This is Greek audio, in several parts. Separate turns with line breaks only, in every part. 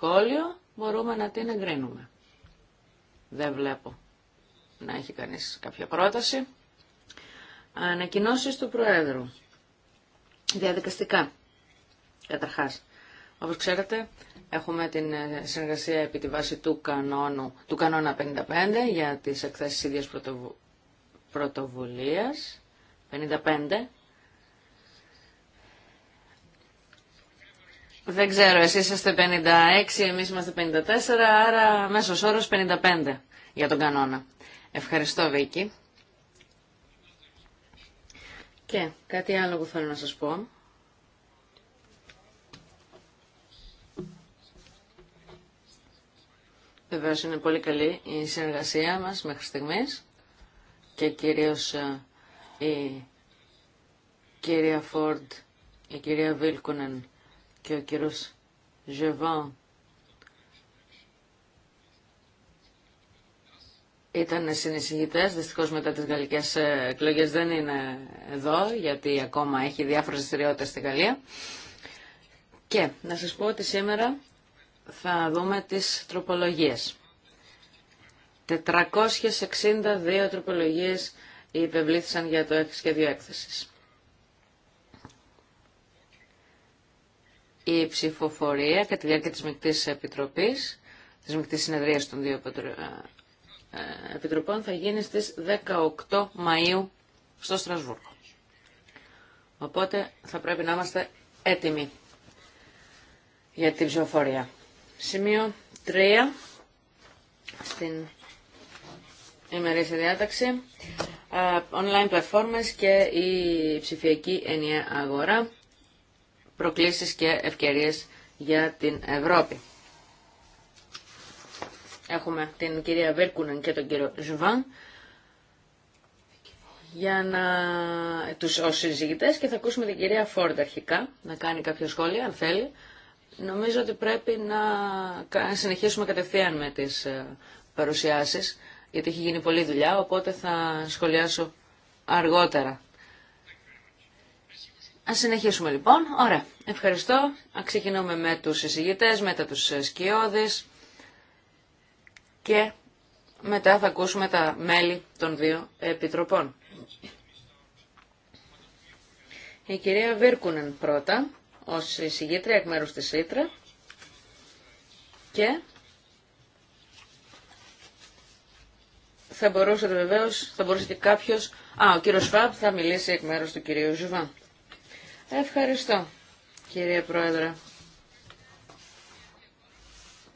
Κόλλιο μπορούμε να την εγκρίνουμε. Δεν βλέπω να έχει κανείς κάποια πρόταση. Ανακοινώσει του Προέδρου. Διαδικαστικά. Καταρχάς, όπως ξέρετε, έχουμε την ε, συνεργασία επί τη βάση του, κανόνου, του κανόνα 55 για τις εκθέσεις ίδιας πρωτοβου... πρωτοβουλίας. 55 Δεν ξέρω, εσείς είστε 56, εμείς είμαστε 54, άρα μέσος όρος 55 για τον κανόνα. Ευχαριστώ, Βίκη. Και κάτι άλλο που θέλω να σας πω. Βεβαίω είναι πολύ καλή η συνεργασία μας μέχρι στιγμής και κυρίως ε, η κυρία Φόρντ, η κυρία Βίλκουνεν και ο κύριος Ζεβάν ήταν συνεισηγητές, δυστυχώς μετά τις γαλλικές ε, εκλογέ δεν είναι εδώ, γιατί ακόμα έχει διάφορες δυστηριότητε στη Γαλλία. Και να σας πω ότι σήμερα θα δούμε τις τροπολογίες. 462 τροπολογίες υπευλήθησαν για το σχέδιο έκθεσης. η ψηφοφορία κατά τη διάρκεια της μεικτής Επιτροπής, της μεικτής Συνεδρίας των δύο ε, ε, Επιτροπών, θα γίνει στις 18 Μαΐου στο Στρασβούργο. Οπότε θα πρέπει να είμαστε έτοιμοι για την ψηφοφορία. Σημείο 3 στην ημερήσια διάταξη. Online performance και η ψηφιακή ενιαία αγορά προκλήσεις και ευκαιρίες για την Ευρώπη. Έχουμε την κυρία Βίρκουνεν και τον κύριο Ζουβάν για να τους ως συζητητές και θα ακούσουμε την κυρία Φόρντ αρχικά να κάνει κάποια σχόλια αν θέλει. Νομίζω ότι πρέπει να συνεχίσουμε κατευθείαν με τις ε, παρουσιάσεις γιατί έχει γίνει πολλή δουλειά οπότε θα σχολιάσω αργότερα Ας συνεχίσουμε λοιπόν. Ωραία. Ευχαριστώ. Ξεκινούμε με του εισηγητές, μετά τους σκιώδεις και μετά θα ακούσουμε τα μέλη των δύο επιτροπών. Η κυρία Βίρκουνεν πρώτα, ως εισηγήτρια εκ μέρους της Ήτρα και θα μπορούσατε βεβαίως, θα μπορούσε και κάποιος, α, ο κύριος Φαμπ θα μιλήσει εκ μέρους του κυρίου Ζουβά. Ευχαριστώ, κυρία Πρόεδρε.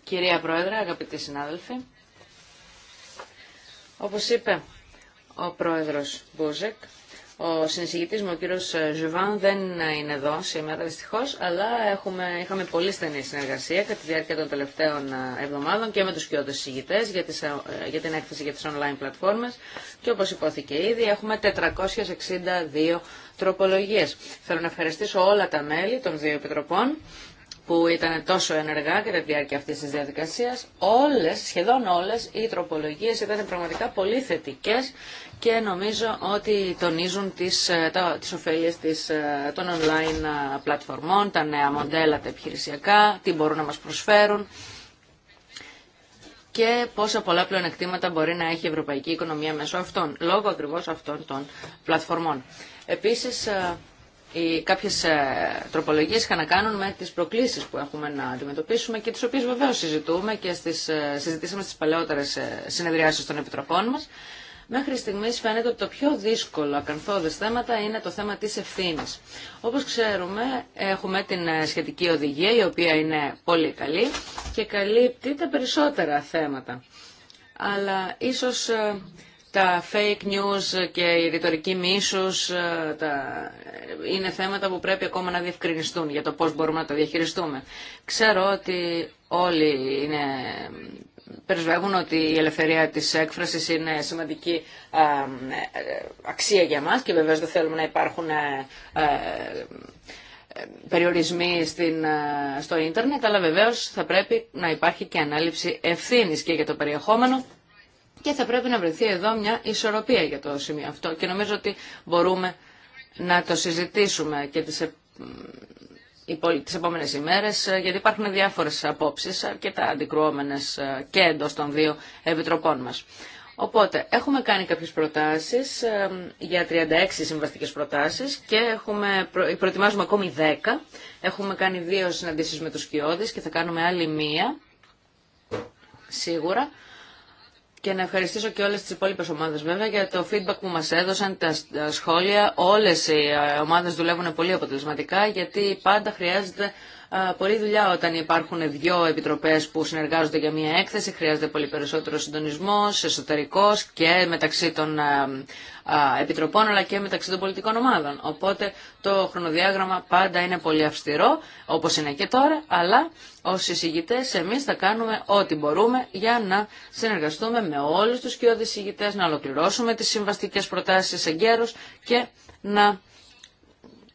Κυρία Πρόεδρε, αγαπητοί συνάδελφοι, όπως είπε ο Πρόεδρος Μπούζεκ, ο συνεισηγητή μου, ο κύριο ε, Ζουβάν, δεν είναι εδώ σήμερα δυστυχώς, αλλά έχουμε, είχαμε πολύ στενή συνεργασία κατά τη διάρκεια των τελευταίων ε, εβδομάδων και με τους πιο συγητές για, ε, για την έκθεση για τις online πλατφόρμες και όπως υπόθηκε ήδη έχουμε 462 τροπολογίες. Θέλω να ευχαριστήσω όλα τα μέλη των δύο επιτροπών που ήταν τόσο ενεργά κατά τη διάρκεια αυτής της διαδικασίας, όλες, σχεδόν όλες οι τροπολογίες ήταν πραγματικά πολύ θετικέ και νομίζω ότι τονίζουν τις, ε, τις ωφέλειες της, ε, των online ε, πλατφορμών, τα νέα μοντέλα, τα επιχειρησιακά, τι μπορούν να μας προσφέρουν και πόσα πολλά πλεονεκτήματα μπορεί να έχει η ευρωπαϊκή οικονομία μέσω αυτών, λόγω ακριβώς αυτών των πλατφορμών. Επίσης, οι κάποιες ε, τροπολογίες είχαν να κάνουν με τις προκλήσεις που έχουμε να αντιμετωπίσουμε και τις οποίες βεβαίως συζητούμε και στις, ε, συζητήσαμε στις παλαιότερες ε, συνεδριάσεις των επιτροπών μας. Μέχρι στιγμή φαίνεται ότι το πιο δύσκολο ακαθόδε θέματα είναι το θέμα τη ευθύνη. Όπω ξέρουμε, έχουμε την σχετική οδηγία, η οποία είναι πολύ καλή και καλύπτει τα περισσότερα θέματα. Αλλά ίσω τα fake news και η ρητορική μίσους ε, τα... είναι θέματα που πρέπει ακόμα να διευκρινιστούν για το πώς μπορούμε να τα διαχειριστούμε. Ξέρω ότι όλοι είναι... Περισβεύουν ότι η ελευθερία της έκφρασης είναι σημαντική ε, αξία για μας και βεβαίως δεν θέλουμε να υπάρχουν ε, περιορισμοί στην, στο ίντερνετ, αλλά βεβαίως θα πρέπει να υπάρχει και ανάληψη ευθύνης και για το περιεχόμενο και θα πρέπει να βρεθεί εδώ μια ισορροπία για το σημείο αυτό και νομίζω ότι μπορούμε να το συζητήσουμε και τις, ε... τις επόμενες ημέρες γιατί υπάρχουν διάφορες απόψεις αρκετά αντικρουόμενες και εντός των δύο επιτροπών μας. Οπότε, έχουμε κάνει κάποιες προτάσεις ε, για 36 συμβαστικές προτάσεις και έχουμε, προετοιμάζουμε ακόμη 10. Έχουμε κάνει δύο συναντήσεις με τους Κιώδης και θα κάνουμε άλλη μία, σίγουρα και να ευχαριστήσω και όλες τις υπόλοιπες ομάδες βέβαια για το feedback που μας έδωσαν, τα σχόλια. Όλες οι ε, ομάδες δουλεύουν πολύ αποτελεσματικά γιατί πάντα χρειάζεται ε, πολλή δουλειά όταν υπάρχουν δύο επιτροπέ που συνεργάζονται για μία έκθεση. Χρειάζεται πολύ περισσότερο συντονισμό, εσωτερικό και μεταξύ των ε, ε, επιτροπών αλλά και μεταξύ των πολιτικών ομάδων. Οπότε το χρονοδιάγραμμα πάντα είναι πολύ αυστηρό, όπω είναι και τώρα, αλλά ω εισηγητέ εμεί θα κάνουμε ό,τι μπορούμε για να συνεργαστούμε με όλου του κοιόδης εισηγητέ, να ολοκληρώσουμε τι συμβαστικέ προτάσει εγκαίρω και να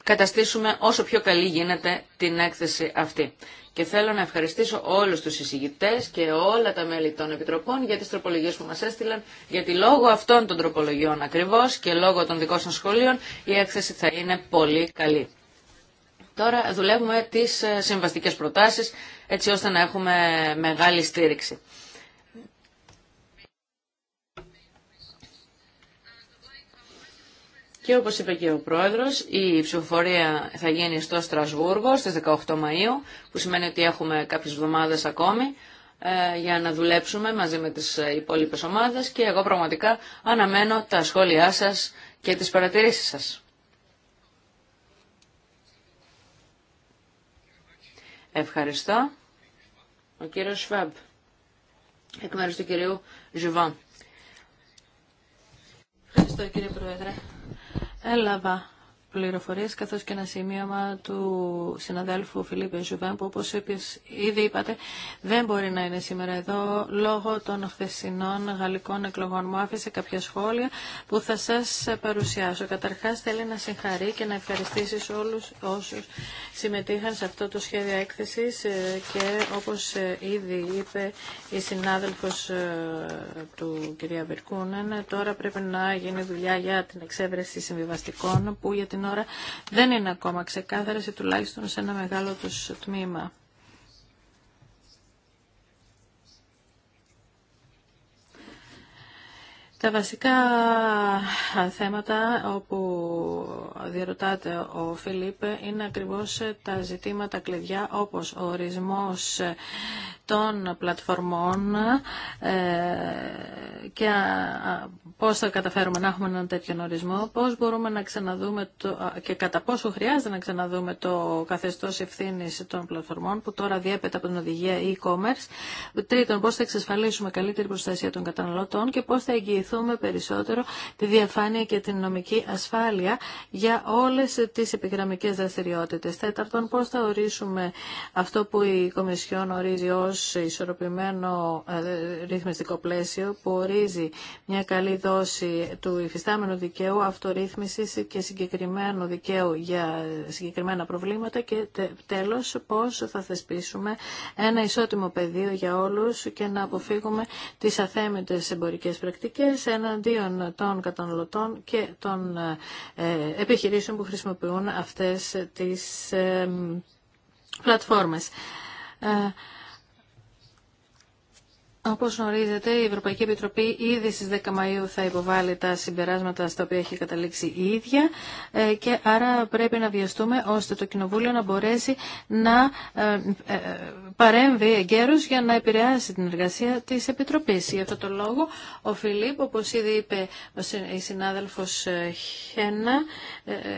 καταστήσουμε όσο πιο καλή γίνεται την έκθεση αυτή. Και θέλω να ευχαριστήσω όλους τους εισηγητές και όλα τα μέλη των Επιτροπών για τις τροπολογίες που μας έστειλαν, γιατί λόγω αυτών των τροπολογιών ακριβώς και λόγω των δικών σας σχολείων η έκθεση θα είναι πολύ καλή. Τώρα δουλεύουμε τις ε, συμβαστικές προτάσεις έτσι ώστε να έχουμε μεγάλη στήριξη. Και όπως είπε και ο Πρόεδρος, η ψηφοφορία θα γίνει στο Στρασβούργο στις 18 Μαΐου, που σημαίνει ότι έχουμε κάποιες εβδομάδες ακόμη ε, για να δουλέψουμε μαζί με τις ε, υπόλοιπες ομάδες και εγώ πραγματικά αναμένω τα σχόλιά σας και τις παρατηρήσεις σας. Ευχαριστώ. Ο κύριος Σφαμπ, εκ μέρους του κυρίου
Ζουβάν. Ευχαριστώ κύριε Πρόεδρε έλαβα πληροφορίες καθώς και ένα σημείωμα του συναδέλφου Φιλίππε Ζουβέν που όπως ήδη είπατε δεν μπορεί να είναι σήμερα εδώ λόγω των χθεσινών γαλλικών εκλογών. Μου άφησε κάποια σχόλια που θα σας παρουσιάσω. Καταρχάς θέλει να συγχαρεί και να ευχαριστήσει όλους όσους συμμετείχαν σε αυτό το σχέδιο έκθεσης ε, και όπως ε, ήδη είπε η συνάδελφος ε, του κυρία Βερκούνεν τώρα πρέπει να γίνει δουλειά για την εξέβρεση συμβιβαστικών που για την ώρα δεν είναι ακόμα ξεκάθαρε ή τουλάχιστον σε ένα μεγάλο του τμήμα. Τα βασικά θέματα όπου διαρωτάται ο Φιλίπ είναι ακριβώς τα ζητήματα κλειδιά όπως ο ορισμός των πλατφορμών ε, και πώς θα καταφέρουμε να έχουμε έναν τέτοιον ορισμό, πώς μπορούμε να ξαναδούμε το, και κατά πόσο χρειάζεται να ξαναδούμε το καθεστώς ευθύνη των πλατφορμών που τώρα διέπεται από την οδηγία e-commerce. Τρίτον, πώς θα εξασφαλίσουμε καλύτερη προστασία των καταναλωτών και πώς θα εγγυηθούμε περισσότερο τη διαφάνεια και την νομική ασφάλεια για όλες τις επιγραμμικές δραστηριότητες. Τέταρτον, πώς θα ορίσουμε αυτό που η Κομισιόν ορίζει ισορροπημένο ε, ρυθμιστικό πλαίσιο που ορίζει μια καλή δόση του υφιστάμενου δικαίου, αυτορύθμισης και συγκεκριμένου δικαίου για συγκεκριμένα προβλήματα και τέλος πώς θα θεσπίσουμε ένα ισότιμο πεδίο για όλους και να αποφύγουμε τις αθέμητες εμπορικές πρακτικές εναντίον των καταναλωτών και των ε, ε, επιχειρήσεων που χρησιμοποιούν αυτές τις πλατφόρμες. Όπως γνωρίζετε, η Ευρωπαϊκή Επιτροπή ήδη στις 10 Μαΐου θα υποβάλει τα συμπεράσματα στα οποία έχει καταλήξει η ίδια ε, και άρα πρέπει να βιαστούμε ώστε το Κοινοβούλιο να μπορέσει να ε, ε, παρέμβει εγκαίρως για να επηρεάσει την εργασία της Επιτροπής. Για αυτό το λόγο, ο Φιλίπ, όπως ήδη είπε η συνάδελφος Χένα,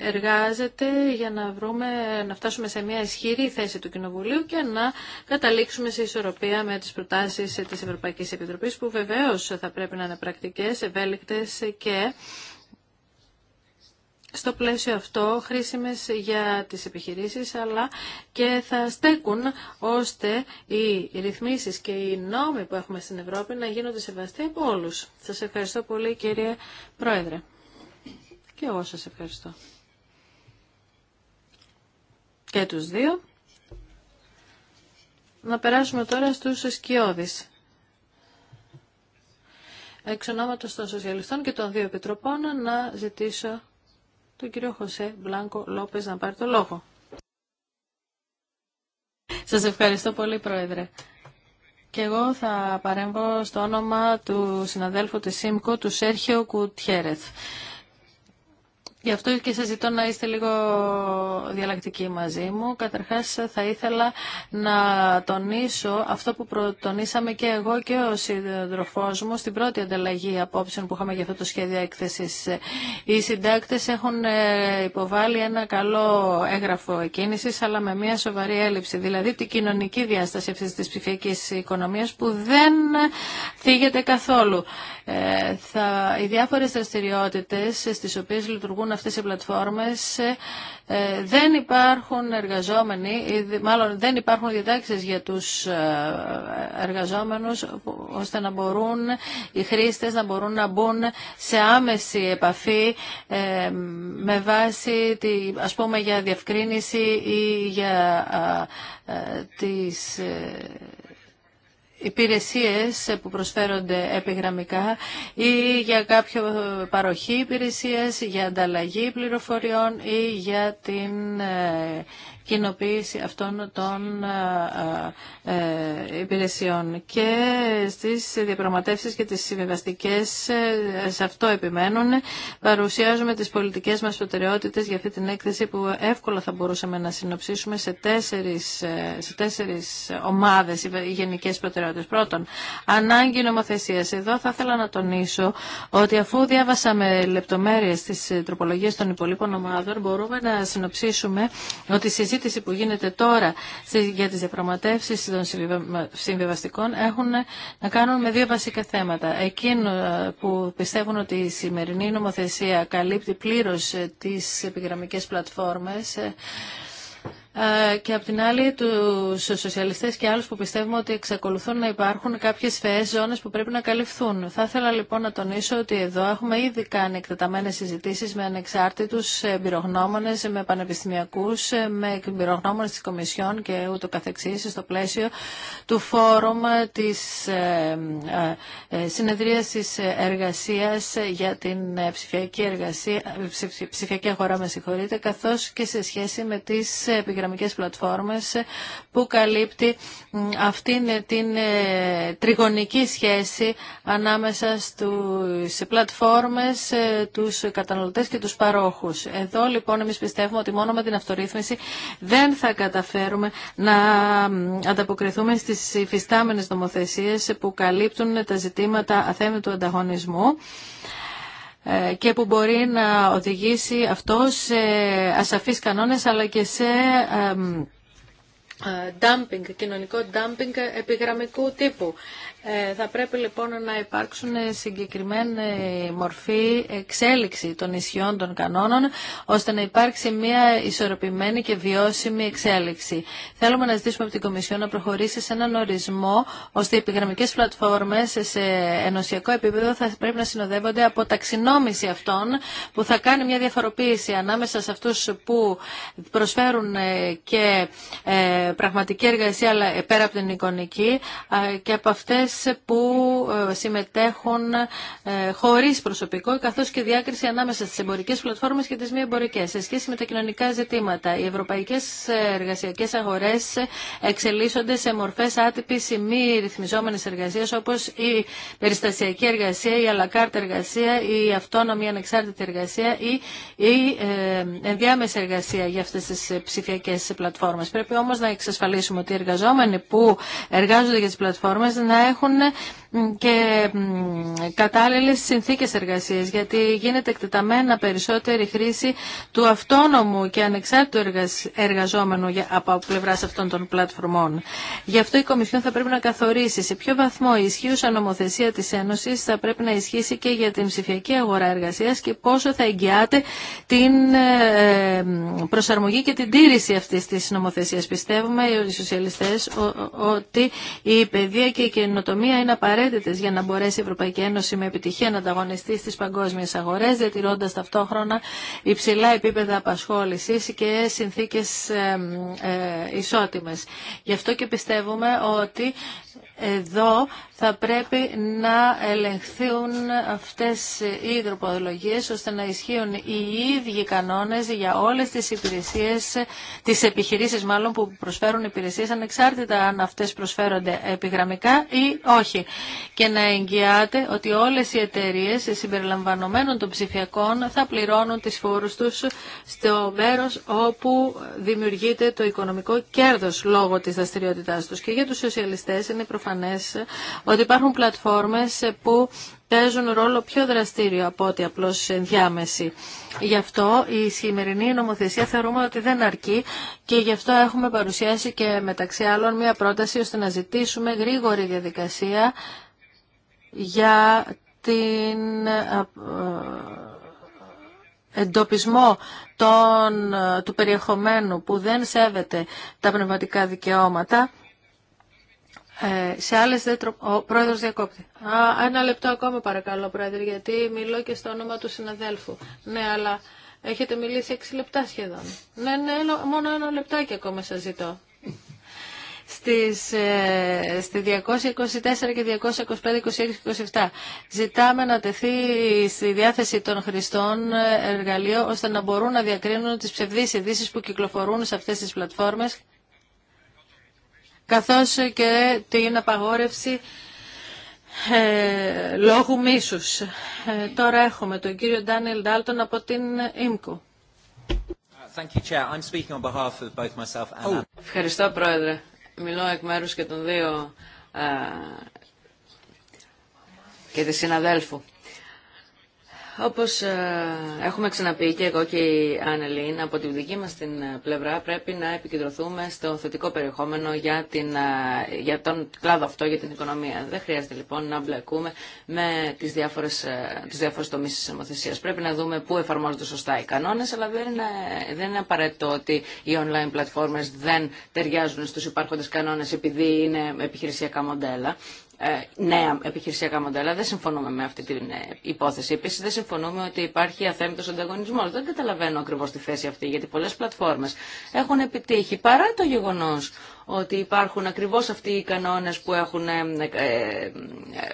εργάζεται για να, βρούμε, να φτάσουμε σε μια ισχυρή θέση του Κοινοβουλίου και να καταλήξουμε σε ισορροπία με τις προτάσεις της Ευρωπαϊκής Ευρωπαϊκής Επιτροπής που βεβαίω θα πρέπει να είναι πρακτικέ, ευέλικτε και στο πλαίσιο αυτό χρήσιμες για τις επιχειρήσεις αλλά και θα στέκουν ώστε οι ρυθμίσεις και οι νόμοι που έχουμε στην Ευρώπη να γίνονται σεβαστοί από όλους. Σας ευχαριστώ πολύ κύριε Πρόεδρε. Και εγώ σας ευχαριστώ. Και τους δύο. Να περάσουμε τώρα στους σκιώδεις εξ ονόματος των Σοσιαλιστών και των δύο Επιτροπών να ζητήσω τον κύριο Χωσέ Μπλάνκο Λόπες να πάρει το λόγο. Σας ευχαριστώ πολύ Πρόεδρε. Και εγώ θα παρέμβω στο όνομα του συναδέλφου της ΣΥΜΚΟ, του Σέρχιο Κουτιέρεθ. Γι' αυτό και σας ζητώ να είστε λίγο διαλλακτικοί μαζί μου. Καταρχάς θα ήθελα να τονίσω αυτό που τονίσαμε και εγώ και ο συντροφός μου στην πρώτη ανταλλαγή απόψεων που είχαμε για αυτό το σχέδιο έκθεσης. Οι συντάκτες έχουν ε, υποβάλει ένα καλό έγγραφο κίνηση, αλλά με μια σοβαρή έλλειψη, δηλαδή την κοινωνική διάσταση αυτής της ψηφιακής οικονομίας που δεν θίγεται καθόλου. Ε, θα, οι διάφορες δραστηριότητες στις οποίες λειτουργούν αυτές οι πλατφόρμες ε, δεν υπάρχουν εργαζόμενοι, μάλλον δεν υπάρχουν διατάξεις για τους ε, εργαζόμενους ώστε να μπορούν οι χρήστες να μπορούν να μπουν σε άμεση επαφή ε, με βάση ας πούμε για διευκρίνηση ή για τις υπηρεσίες που προσφέρονται επιγραμμικά ή για κάποιο παροχή υπηρεσίες, για ανταλλαγή πληροφοριών ή για την ε, κοινοποίηση αυτών των ε, ε, ε, υπηρεσιών. Και στις διαπραγματεύσεις και τις συμβιβαστικές σε αυτό επιμένουν. Παρουσιάζουμε τις πολιτικές μας προτεραιότητες για αυτή την έκθεση που εύκολα θα μπορούσαμε να συνοψίσουμε σε τέσσερις, σε τέσσερις ομάδες οι γενικές προτεραιότητες. Πρώτον, ανάγκη νομοθεσίας. Εδώ θα ήθελα να τονίσω ότι αφού διάβασαμε λεπτομέρειες της τροπολογίας των υπολείπων ομάδων μπορούμε να συνοψίσουμε ότι συζήτηση συζήτηση που γίνεται τώρα για τις διαπραγματεύσεις των συμβιβαστικών έχουν να κάνουν με δύο βασικά θέματα. Εκείνο ε, που πιστεύουν ότι η σημερινή νομοθεσία καλύπτει πλήρως ε, τις επιγραμμικές πλατφόρμες ε, ε, και απ' την άλλη τους σοσιαλιστές και άλλους που πιστεύουμε ότι εξακολουθούν να υπάρχουν κάποιες φαιές ζώνες που πρέπει να καλυφθούν. Θα ήθελα λοιπόν να τονίσω ότι εδώ έχουμε ήδη κάνει εκτεταμένες συζητήσεις με ανεξάρτητους εμπειρογνώμονες, με πανεπιστημιακούς, με εμπειρογνώμονες της Κομισιόν και ούτω καθεξής στο πλαίσιο του φόρουμ της ε, ε, συνεδρίασης εργασίας για την ψηφιακή, εργασία, ψηφιακή αγορά, με καθώς και σε σχέση με τις επιγραμματικές διαδρομικές πλατφόρμες ε, που καλύπτει αυτήν ε, την ε, τριγωνική σχέση ανάμεσα στους πλατφόρμες, τους καταναλωτές και τους παρόχους. Εδώ λοιπόν εμείς πιστεύουμε ότι μόνο με την αυτορύθμιση δεν θα καταφέρουμε να ανταποκριθούμε στις υφιστάμενες νομοθεσίες που καλύπτουν τα ζητήματα του ανταγωνισμού. Ε, και που μπορεί να οδηγήσει αυτό σε ασαφείς κανόνες αλλά και σε ε, dumping, κοινωνικό dumping επιγραμμικού τύπου. Ε, θα πρέπει λοιπόν να υπάρξουν συγκεκριμένη μορφή εξέλιξη των ισχυών των κανόνων, ώστε να υπάρξει μια ισορροπημένη και βιώσιμη εξέλιξη. Θέλουμε να ζητήσουμε από την Κομισιό να προχωρήσει σε έναν ορισμό, ώστε οι επιγραμμικές πλατφόρμες σε ενωσιακό επίπεδο θα πρέπει να συνοδεύονται από ταξινόμηση αυτών, που θα κάνει μια διαφοροποίηση ανάμεσα σε αυτού που προσφέρουν ε, και ε, πραγματική εργασία, αλλά πέρα από την εικονική, και από αυτές που ε, συμμετέχουν ε, χωρίς προσωπικό, καθώς και διάκριση ανάμεσα στις εμπορικές πλατφόρμες και τις μη εμπορικές. Σε σχέση με τα κοινωνικά ζητήματα, οι ευρωπαϊκές ε, εργασιακές αγορές εξελίσσονται σε μορφές άτυπης ή μη ρυθμιζόμενης εργασίας, όπως η μη ρυθμιζομενες εργασιες οπως η αλακάρτα εργασία, η αυτόνομη ανεξάρτητη εργασία ή η ενδιάμεση εργασία για αυτές τις ψηφιακές πλατφόρμες. Πρέπει όμως να εξασφαλίσουμε ότι οι εργαζόμενοι που εργάζονται για τις πλατφόρμες να έχουν ε, και κατάλληλες συνθήκες εργασίας, γιατί γίνεται εκτεταμένα περισσότερη χρήση του αυτόνομου και ανεξάρτητου εργαζόμενου από πλευρά αυτών των πλατφορμών. Γι' αυτό η Κομισιόν θα πρέπει να καθορίσει σε ποιο βαθμό η ισχύουσα νομοθεσία της Ένωσης θα πρέπει να ισχύσει και για την ψηφιακή αγορά εργασίας και πόσο θα εγγυάται την ε, προσαρμογή και την τήρηση αυτή τη νομοθεσία. Πιστεύουμε οι σοσιαλιστές ότι η παιδεία και η το καινοτομία είναι απαραίτητε για να μπορέσει η Ευρωπαϊκή Ένωση με επιτυχία να ανταγωνιστεί στι παγκόσμιε αγορέ, διατηρώντα ταυτόχρονα υψηλά επίπεδα απασχόληση και συνθήκε ισότιμε. Γι' αυτό και πιστεύουμε ότι εδώ θα πρέπει να ελεγχθούν αυτές οι υδροποδολογίες ώστε να ισχύουν οι ίδιοι κανόνες για όλες τις υπηρεσίες, τις επιχειρήσεις μάλλον που προσφέρουν υπηρεσίες ανεξάρτητα αν αυτές προσφέρονται επιγραμμικά ή όχι. Και να εγγυάται ότι όλες οι εταιρείες συμπεριλαμβανομένων των ψηφιακών θα πληρώνουν τις φόρους τους στο μέρος όπου δημιουργείται το οικονομικό κέρδος λόγω της δραστηριότητάς τους. Και για τους σοσιαλιστές είναι προφανές ότι υπάρχουν πλατφόρμες που παίζουν ρόλο πιο δραστήριο από ότι απλώς ενδιάμεση. Γι' αυτό η σημερινή νομοθεσία θεωρούμε ότι δεν αρκεί και γι' αυτό έχουμε παρουσιάσει και μεταξύ άλλων μια πρόταση ώστε να ζητήσουμε γρήγορη διαδικασία για την ε, εντοπισμό των, του περιεχομένου που δεν σέβεται τα πνευματικά δικαιώματα ε, σε άλλες δεν τρο... Ο πρόεδρος διακόπτει. Α, ένα λεπτό ακόμα παρακαλώ πρόεδρε, γιατί μιλώ και στο όνομα του συναδέλφου. Ναι, αλλά έχετε μιλήσει έξι λεπτά σχεδόν. Ναι, ναι, μόνο ένα λεπτάκι ακόμα σας ζητώ. Στις, ε, στη 224 και 225, 26, 27. Ζητάμε να τεθεί στη διάθεση των χρηστών ε, εργαλείο ώστε να μπορούν να διακρίνουν τις ψευδείς ειδήσει που κυκλοφορούν σε αυτές τις πλατφόρμες καθώς και την απαγόρευση ε, λόγου μίσους. Ε, τώρα έχουμε τον κύριο Ντάνιελ Ντάλτον από την ΙΜΚΟ. Oh.
Ευχαριστώ, Πρόεδρε. Μιλώ εκ μέρους και των δύο ε, και της συναδέλφου. Όπως ε, έχουμε ξαναπεί και εγώ και η Άνελίν, από τη δική μας την ε, πλευρά πρέπει να επικεντρωθούμε στο θετικό περιεχόμενο για, την, ε, για τον κλάδο αυτό, για την οικονομία. Δεν χρειάζεται λοιπόν να μπλεκούμε με τις διάφορες, τις διάφορες τομείς της νομοθεσίας. Πρέπει να δούμε πού εφαρμόζονται σωστά οι κανόνες, αλλά δεν είναι, δεν είναι απαραίτητο ότι οι online πλατφόρμες δεν ταιριάζουν στους υπάρχοντες κανόνες επειδή είναι επιχειρησιακά μοντέλα. Ε, νέα επιχειρησιακά μοντέλα. Δεν συμφωνούμε με αυτή την ε, υπόθεση. Επίση, δεν συμφωνούμε ότι υπάρχει αθέμητο ανταγωνισμό. Δεν καταλαβαίνω ακριβώ τη θέση αυτή, γιατί πολλέ πλατφόρμε έχουν επιτύχει παρά το γεγονό ότι υπάρχουν ακριβώ αυτοί οι κανόνε που έχουν ε,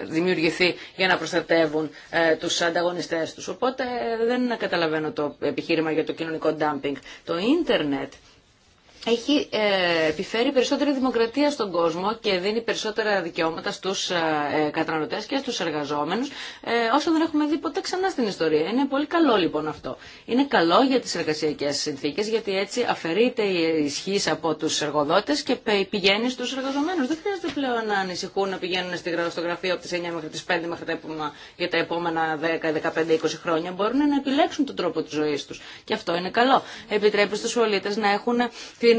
δημιουργηθεί για να προστατεύουν του ανταγωνιστέ του. Οπότε δεν καταλαβαίνω το επιχείρημα για το κοινωνικό ντάμπινγκ. Το ίντερνετ έχει ε, επιφέρει περισσότερη δημοκρατία στον κόσμο και δίνει περισσότερα δικαιώματα στους ε, ε, καταναλωτές και στους εργαζόμενους όσο δεν έχουμε δει ποτέ ξανά στην ιστορία. Είναι πολύ καλό λοιπόν αυτό. Είναι καλό για τις εργασιακές συνθήκες γιατί έτσι αφαιρείται η ισχύ από τους εργοδότες και πηγαίνει στους εργαζομένους. Δεν χρειάζεται πλέον να ανησυχούν να πηγαίνουν στη γραφείο από τις 9 μέχρι τις 5 μέχρι τα επόμενα, για τα επόμενα 10, 15, 20 χρόνια. Μπορούν να επιλέξουν τον τρόπο τη ζωής τους. Και αυτό είναι καλό. Επιτρέπει στους πολίτες να έχουν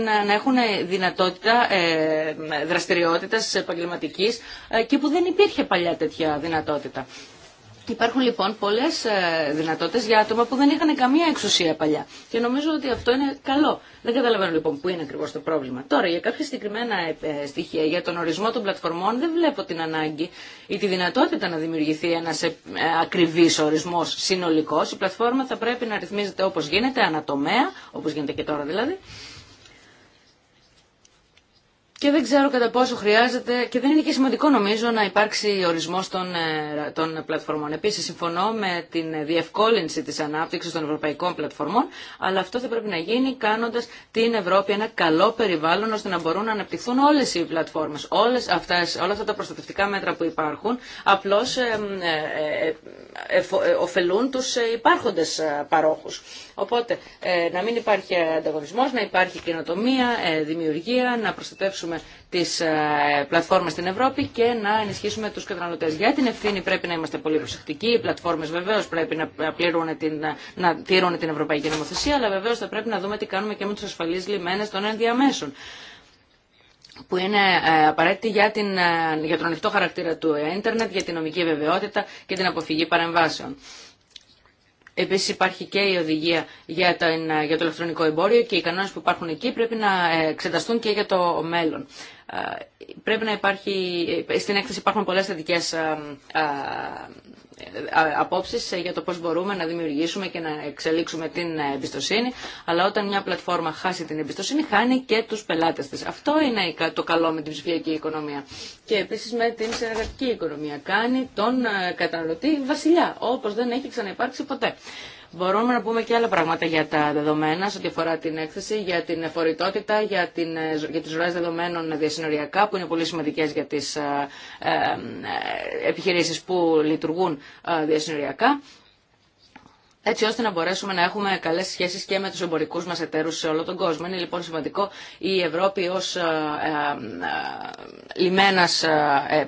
να έχουν δυνατότητα ε, δραστηριότητας επαγγελματικής ε, και που δεν υπήρχε παλιά τέτοια δυνατότητα. Υπάρχουν λοιπόν πολλέ ε, δυνατότητε για άτομα που δεν είχαν καμία εξουσία παλιά. Και νομίζω ότι αυτό είναι καλό. Δεν καταλαβαίνω λοιπόν πού είναι ακριβώ το πρόβλημα. Τώρα, για κάποια συγκεκριμένα ε, στοιχεία, για τον ορισμό των πλατφορμών, δεν βλέπω την ανάγκη ή τη δυνατότητα να δημιουργηθεί ένα ακριβή ορισμό συνολικό. Η πλατφόρμα θα πρέπει να ρυθμίζεται όπω γίνεται, ανατομέα, όπω γίνεται και τώρα δηλαδή και δεν ξέρω κατά πόσο χρειάζεται και δεν είναι και σημαντικό νομίζω να υπάρξει ορισμός των, των πλατφορμών. Επίσης συμφωνώ με την διευκόλυνση της ανάπτυξης των ευρωπαϊκών πλατφορμών, αλλά αυτό θα πρέπει να γίνει κάνοντας την Ευρώπη ένα καλό περιβάλλον ώστε να μπορούν να αναπτυχθούν όλες οι πλατφόρμες, όλα αυτά τα προστατευτικά μέτρα που υπάρχουν, απλώς ε, ωφελούν τους υπάρχοντες παρόχους. Οπότε ε, να μην υπάρχει ανταγωνισμός, να υπάρχει καινοτομία, ε, δημιουργία, να προστατεύσουμε τις ε, πλατφόρμες στην Ευρώπη και να ενισχύσουμε τους καταναλωτές. Για την ευθύνη πρέπει να είμαστε πολύ προσεκτικοί. Οι πλατφόρμες βεβαίως πρέπει να, την, να τηρούν την Ευρωπαϊκή Νομοθεσία, αλλά βεβαίως θα πρέπει να δούμε τι κάνουμε και με τους ασφαλείς λιμένες των ενδιαμέσων που είναι απαραίτητη για, την, για τον ανοιχτό χαρακτήρα του ίντερνετ, για την νομική βεβαιότητα και την αποφυγή παρεμβάσεων. Επίση, υπάρχει και η οδηγία για το ηλεκτρονικό εμπόριο και οι κανόνες που υπάρχουν εκεί πρέπει να ε, εξεταστούν και για το μέλλον πρέπει να υπάρχει, στην έκθεση υπάρχουν πολλές θετικές ε, ε, ε, απόψεις για το πώς μπορούμε να δημιουργήσουμε και να εξελίξουμε την εμπιστοσύνη, αλλά όταν μια πλατφόρμα χάσει την εμπιστοσύνη, χάνει και τους πελάτες της. Αυτό είναι το καλό με την ψηφιακή οικονομία. Και επίσης με την συνεργατική οικονομία κάνει τον καταναλωτή βασιλιά, όπως δεν έχει ξαναυπάρξει ποτέ. Μπορούμε να πούμε και άλλα πράγματα για τα δεδομένα σε ό,τι αφορά την έκθεση, για την φορητότητα για, την, ε, για τις ροές δεδομένων διασυνοριακά που είναι πολύ σημαντικές για τις ε, ε, ε επιχειρήσεις που λειτουργούν διασυνοριακά έτσι ώστε να μπορέσουμε να έχουμε καλέ σχέσει και με του εμπορικού μα εταίρου σε όλο τον κόσμο. Είναι λοιπόν σημαντικό η Ευρώπη ω ε, ε, ε, λιμένα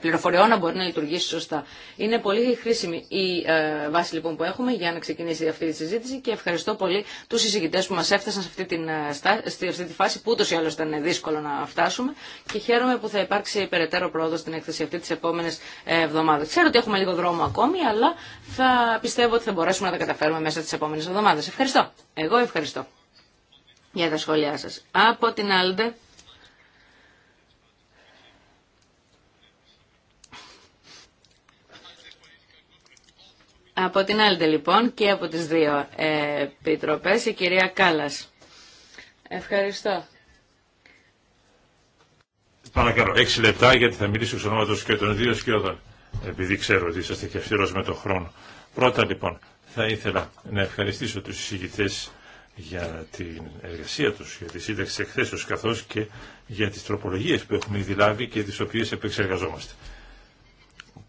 πληροφοριών να μπορεί να λειτουργήσει σωστά. Είναι πολύ χρήσιμη η βάση λοιπόν που έχουμε για να ξεκινήσει αυτή τη συζήτηση και ευχαριστώ πολύ του συζητητέ που μα έφτασαν σε αυτή, την, σε αυτή τη φάση που ούτω ή άλλω ήταν δύσκολο να φτάσουμε και χαίρομαι που θα υπάρξει περαιτέρω πρόοδο στην έκθεση αυτή τι επόμενε εβδομάδε. Ξέρω ότι έχουμε λίγο δρόμο ακόμη, αλλά θα πιστεύω ότι θα μπορέσουμε να τα καταφέρουμε μέσα τις επόμενες εβδομάδες. Ευχαριστώ. Εγώ ευχαριστώ για τα σχόλιά σας. Από την Άλντε. Από την Άλντε λοιπόν και από τις δύο ε, επιτροπές η κυρία Κάλας. Ευχαριστώ.
Παρακαλώ, έξι λεπτά γιατί θα μιλήσω εξ ονόματος και των δύο σκιώδων, επειδή ξέρω ότι είσαστε και αυστηρός με τον χρόνο. Πρώτα λοιπόν, θα ήθελα να ευχαριστήσω τους συζητητές για την εργασία τους, για τη σύνταξη εκθέσεως καθώς και για τις τροπολογίες που έχουμε ήδη λάβει και τις οποίες επεξεργαζόμαστε.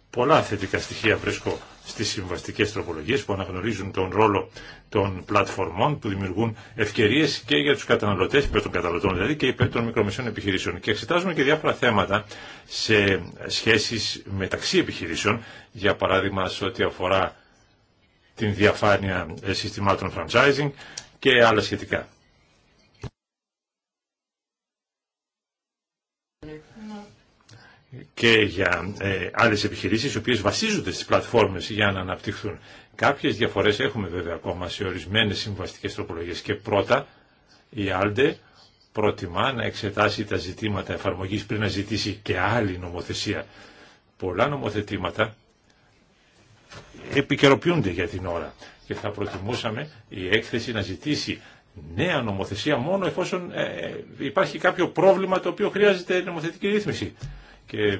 Πολλά θετικά στοιχεία βρίσκω στις συμβαστικές τροπολογίες που αναγνωρίζουν τον ρόλο των πλατφορμών που δημιουργούν ευκαιρίες και για τους καταναλωτές, υπέρ των καταναλωτών δηλαδή και υπέρ των μικρομεσαίων επιχειρήσεων. Και εξετάζουμε και διάφορα θέματα σε σχέσεις μεταξύ επιχειρήσεων, για παράδειγμα σε ό,τι αφορά την διαφάνεια ε, συστημάτων franchising και άλλα σχετικά. και για ε, άλλες επιχειρήσεις οι οποίες βασίζονται στις πλατφόρμες για να αναπτυχθούν. Κάποιες διαφορές έχουμε βέβαια ακόμα σε ορισμένες συμβαστικές τροπολογίες και πρώτα η Άλντε προτιμά να εξετάσει τα ζητήματα εφαρμογής πριν να ζητήσει και άλλη νομοθεσία. Πολλά νομοθετήματα επικαιροποιούνται για την ώρα και θα προτιμούσαμε η έκθεση να ζητήσει νέα νομοθεσία μόνο εφόσον ε, υπάρχει κάποιο πρόβλημα το οποίο χρειάζεται νομοθετική ρύθμιση. Και ε,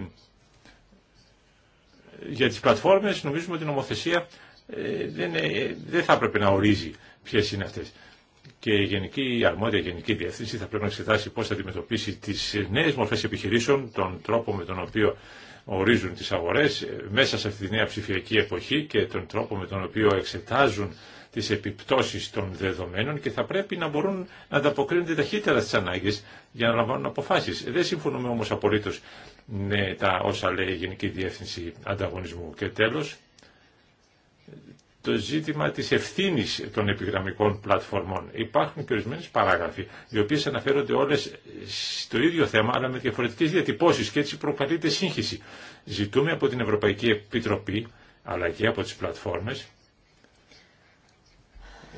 για τις πλατφόρμες νομίζουμε ότι η νομοθεσία ε, δεν, δεν θα έπρεπε να ορίζει ποιε είναι αυτές. Και η, γενική, αρμόδια γενική διεύθυνση θα πρέπει να εξετάσει πώς θα αντιμετωπίσει τις νέες μορφές επιχειρήσεων, τον τρόπο με τον οποίο ορίζουν τις αγορές ε, μέσα σε αυτή τη νέα ψηφιακή εποχή και τον τρόπο με τον οποίο εξετάζουν τις επιπτώσεις των δεδομένων και θα πρέπει να μπορούν να ανταποκρίνονται ταχύτερα στις ανάγκες για να λαμβάνουν αποφάσεις. Ε, δεν συμφωνούμε όμως απολύτως με τα όσα λέει η Γενική Διεύθυνση Ανταγωνισμού. Και τέλος, το ζήτημα της ευθύνης των επιγραμμικών πλατφορμών. Υπάρχουν και ορισμένε παράγραφοι, οι οποίε αναφέρονται όλες στο ίδιο θέμα, αλλά με διαφορετικές διατυπώσεις και έτσι προκαλείται σύγχυση. Ζητούμε από την Ευρωπαϊκή Επιτροπή, αλλά και από τις πλατφόρμες,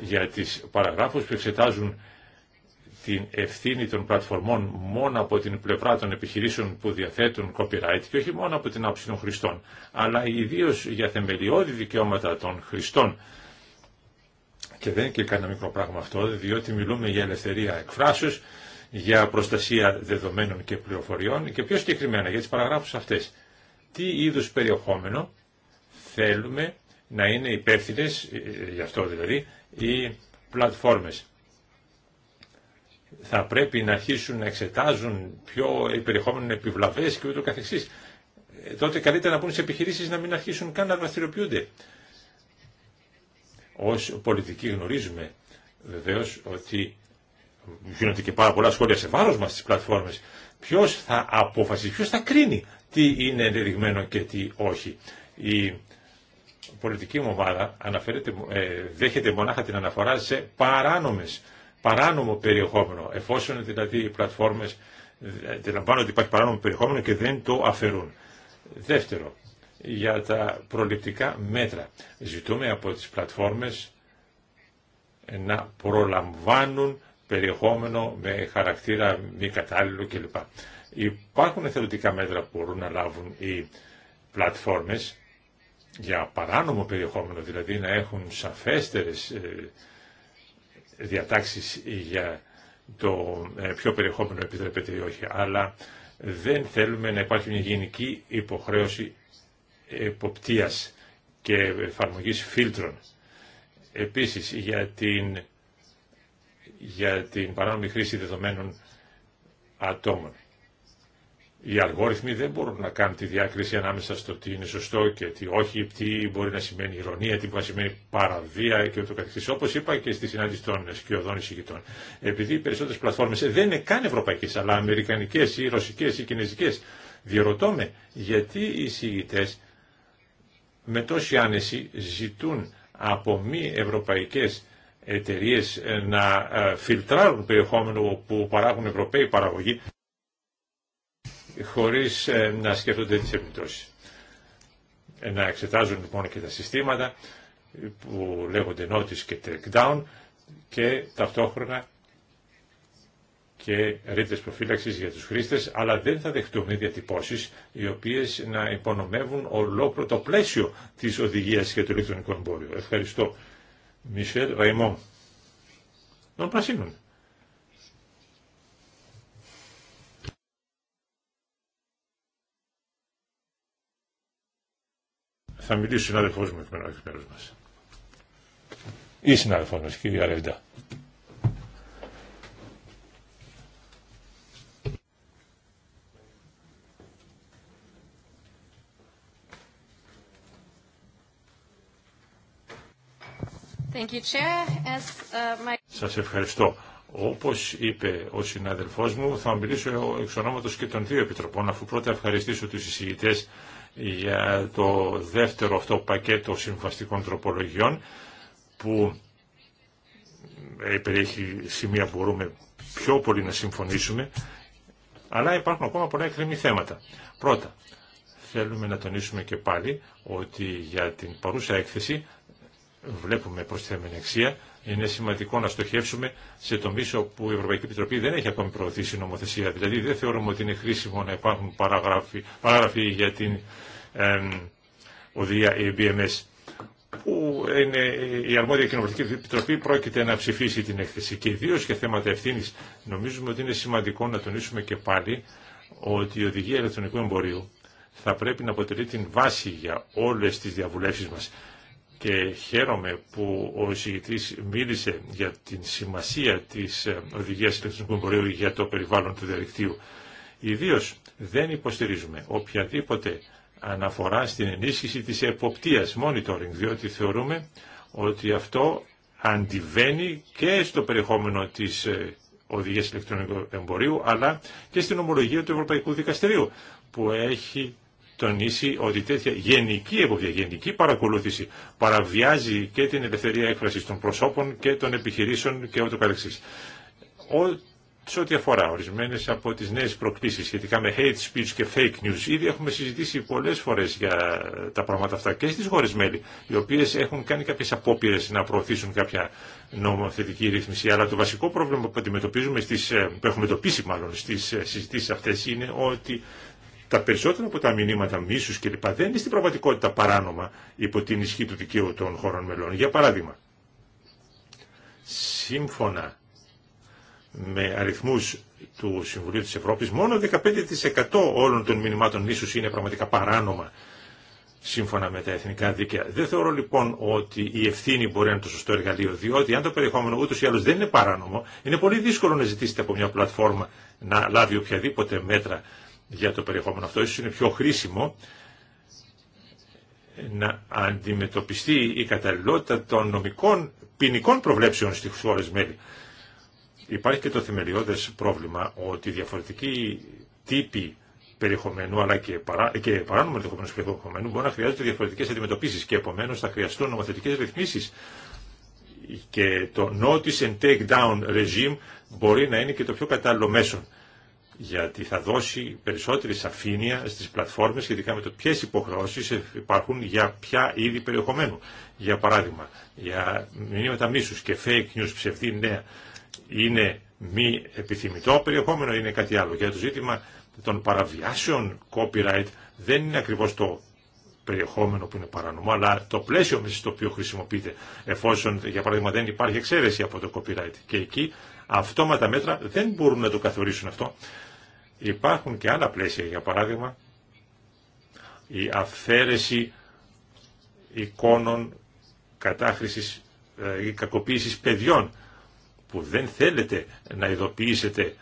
για τις παραγράφους που εξετάζουν την ευθύνη των πλατφορμών μόνο από την πλευρά των επιχειρήσεων που διαθέτουν copyright και όχι μόνο από την άψη των χρηστών, αλλά ιδίω για θεμελιώδη δικαιώματα των χρηστών. Και δεν είναι και κανένα μικρό πράγμα αυτό, διότι μιλούμε για ελευθερία εκφράσεως, για προστασία δεδομένων και πληροφοριών και πιο συγκεκριμένα για τις παραγράφους αυτές. Τι είδους περιεχόμενο θέλουμε να είναι υπεύθυνε, ε, ε, γι' αυτό δηλαδή, οι πλατφόρμες θα πρέπει να αρχίσουν να εξετάζουν πιο περιεχόμενο επιβλαβές και ούτω καθεξής. Ε, τότε καλύτερα να πούν σε επιχειρήσεις να μην αρχίσουν καν να δραστηριοποιούνται. Ως πολιτικοί γνωρίζουμε βεβαίως ότι γίνονται και πάρα πολλά σχόλια σε βάρος μας στις πλατφόρμες. Ποιος θα αποφασίσει, ποιος θα κρίνει τι είναι ενδεδειγμένο και τι όχι. Η πολιτική μου ομάδα ε, δέχεται μονάχα την αναφορά σε παράνομες παράνομο περιεχόμενο, εφόσον δηλαδή οι πλατφόρμες ε, αντιλαμβάνονται ότι υπάρχει παράνομο περιεχόμενο και δεν το αφαιρούν. Δεύτερο, για τα προληπτικά μέτρα. Ζητούμε από τις πλατφόρμες να προλαμβάνουν περιεχόμενο με χαρακτήρα μη κατάλληλο κλπ. Υπάρχουν εθελοντικά μέτρα που μπορούν να λάβουν οι πλατφόρμες για παράνομο περιεχόμενο, δηλαδή να έχουν σαφέστερες ε, διατάξεις για το ε, πιο περιεχόμενο επιτρέπεται ή όχι, αλλά δεν θέλουμε να υπάρχει μια γενική υποχρέωση εποπτείας και εφαρμογή φίλτρων. Επίσης, για την, για την παράνομη χρήση δεδομένων ατόμων. Οι αλγόριθμοι δεν μπορούν να κάνουν τη διάκριση ανάμεσα στο τι είναι σωστό και τι όχι, τι μπορεί να σημαίνει ηρωνία, τι μπορεί να σημαίνει παραβία και ούτω καθεξής. Όπως είπα και στη συνάντηση των σκιωδών εισηγητών. Επειδή οι περισσότερες πλατφόρμες δεν είναι καν ευρωπαϊκές, αλλά αμερικανικές ή ρωσικές ή κινέζικες, διερωτώ με γιατί οι εισηγητέ με τόση άνεση ζητούν από μη ευρωπαϊκές εταιρείε να ε, φιλτράρουν περιεχόμενο που παράγουν Ευρωπαίοι παραγωγοί χωρίς ε, να σκέφτονται τις επιπτώσεις. Ε, να εξετάζουν λοιπόν και τα συστήματα που λέγονται notice και down και ταυτόχρονα και ρίτες προφύλαξης για τους χρήστες, αλλά δεν θα δεχτούμε διατυπώσεις οι οποίες να υπονομεύουν ολόκληρο το πλαίσιο της οδηγίας για το ηλεκτρονικό εμπόριο. Ευχαριστώ. Μισελ Ραϊμό. Των πρασίνουν. Θα μιλήσει ο συνάδελφό μου εκ μέρου μα. Ή συνάδελφό μα, κυρία Ρέντα.
Σα uh,
Σας ευχαριστώ. Όπως είπε ο συνάδελφός μου, θα μιλήσω εξ ονόματος και των δύο επιτροπών, αφού πρώτα ευχαριστήσω τους εισηγητές για το δεύτερο αυτό πακέτο συμβαστικών τροπολογιών που ε, περιέχει σημεία που μπορούμε πιο πολύ να συμφωνήσουμε αλλά υπάρχουν ακόμα πολλά εκκρεμή θέματα. Πρώτα, θέλουμε να τονίσουμε και πάλι ότι για την παρούσα έκθεση βλέπουμε τη θεμενεξία είναι σημαντικό να στοχεύσουμε σε τομεί που η Ευρωπαϊκή Επιτροπή δεν έχει ακόμη προωθήσει νομοθεσία. Δηλαδή δεν θεωρούμε ότι είναι χρήσιμο να υπάρχουν παράγραφοι, για την οδηγία EBMS που η αρμόδια κοινοβουλευτική επιτροπή πρόκειται να ψηφίσει την έκθεση και ιδίω για θέματα ευθύνη. Νομίζουμε ότι είναι σημαντικό να τονίσουμε και πάλι ότι η οδηγία ηλεκτρονικού εμπορίου θα πρέπει να αποτελεί την βάση για όλε τι διαβουλεύσει μα και χαίρομαι που ο εισηγητής μίλησε για την σημασία της ε, οδηγίας ηλεκτρονικού εμπορίου για το περιβάλλον του διαδικτύου. Ιδίω δεν υποστηρίζουμε οποιαδήποτε αναφορά στην ενίσχυση της εποπτείας monitoring, διότι θεωρούμε ότι αυτό αντιβαίνει και στο περιεχόμενο της ε, οδηγίας ηλεκτρονικού εμπορίου, αλλά και στην ομολογία του Ευρωπαϊκού Δικαστηρίου, που έχει τονίσει ότι τέτοια γενική εποπτεία, γενική παρακολούθηση παραβιάζει και την ελευθερία έκφρασης των προσώπων και των επιχειρήσεων και ούτω καθεξής. Σε ό,τι αφορά ορισμένε από τι νέε προκλήσει σχετικά με hate speech και fake news, ήδη έχουμε συζητήσει πολλέ φορέ για τα πράγματα αυτά και στι χώρε μέλη, οι οποίε έχουν κάνει κάποιε απόπειρε να προωθήσουν κάποια νομοθετική ρύθμιση. Αλλά το βασικό πρόβλημα που αντιμετωπίζουμε, στις, ε, που έχουμε εντοπίσει μάλλον στι ε, συζητήσει αυτέ, είναι ότι τα περισσότερα από τα μηνύματα μίσους κλπ. δεν είναι στην πραγματικότητα παράνομα υπό την ισχύ του δικαίου των χωρών μελών. Για παράδειγμα, σύμφωνα με αριθμούς του Συμβουλίου της Ευρώπης, μόνο 15% όλων των μηνυμάτων μίσους είναι πραγματικά παράνομα σύμφωνα με τα εθνικά δίκαια. Δεν θεωρώ λοιπόν ότι η ευθύνη μπορεί να είναι το σωστό εργαλείο, διότι αν το περιεχόμενο ούτω ή άλλω δεν είναι παράνομο, είναι πολύ δύσκολο να ζητήσετε από μια πλατφόρμα να λάβει οποιαδήποτε μέτρα για το περιεχόμενο αυτό. Ίσως είναι πιο χρήσιμο να αντιμετωπιστεί η καταλληλότητα των νομικών ποινικών προβλέψεων στις χώρες μέλη. Υπάρχει και το θεμελιώδες πρόβλημα ότι διαφορετικοί τύποι περιεχομένου αλλά και, παρά, και παράνομο ενδεχομένω περιεχομένου μπορεί να χρειάζονται διαφορετικέ αντιμετωπίσει και επομένω θα χρειαστούν νομοθετικέ ρυθμίσει. Και το notice and take down regime μπορεί να είναι και το πιο κατάλληλο μέσο γιατί θα δώσει περισσότερη σαφήνεια στις πλατφόρμες σχετικά με το ποιε υποχρεώσεις υπάρχουν για ποια είδη περιεχομένου. Για παράδειγμα, για μηνύματα μίσους και fake news ψευδή νέα είναι μη επιθυμητό περιεχόμενο είναι κάτι άλλο. Για το ζήτημα των παραβιάσεων copyright δεν είναι ακριβώς το περιεχόμενο που είναι παρανομό, αλλά το πλαίσιο μέσα στο οποίο χρησιμοποιείται, εφόσον για παράδειγμα δεν υπάρχει εξαίρεση από το copyright. Και εκεί αυτόματα μέτρα δεν μπορούν να το καθορίσουν αυτό. Υπάρχουν και άλλα πλαίσια, για παράδειγμα, η αφαίρεση εικόνων κατάχρησης ε, ή κακοποίησης παιδιών που δεν θέλετε να ειδοποιήσετε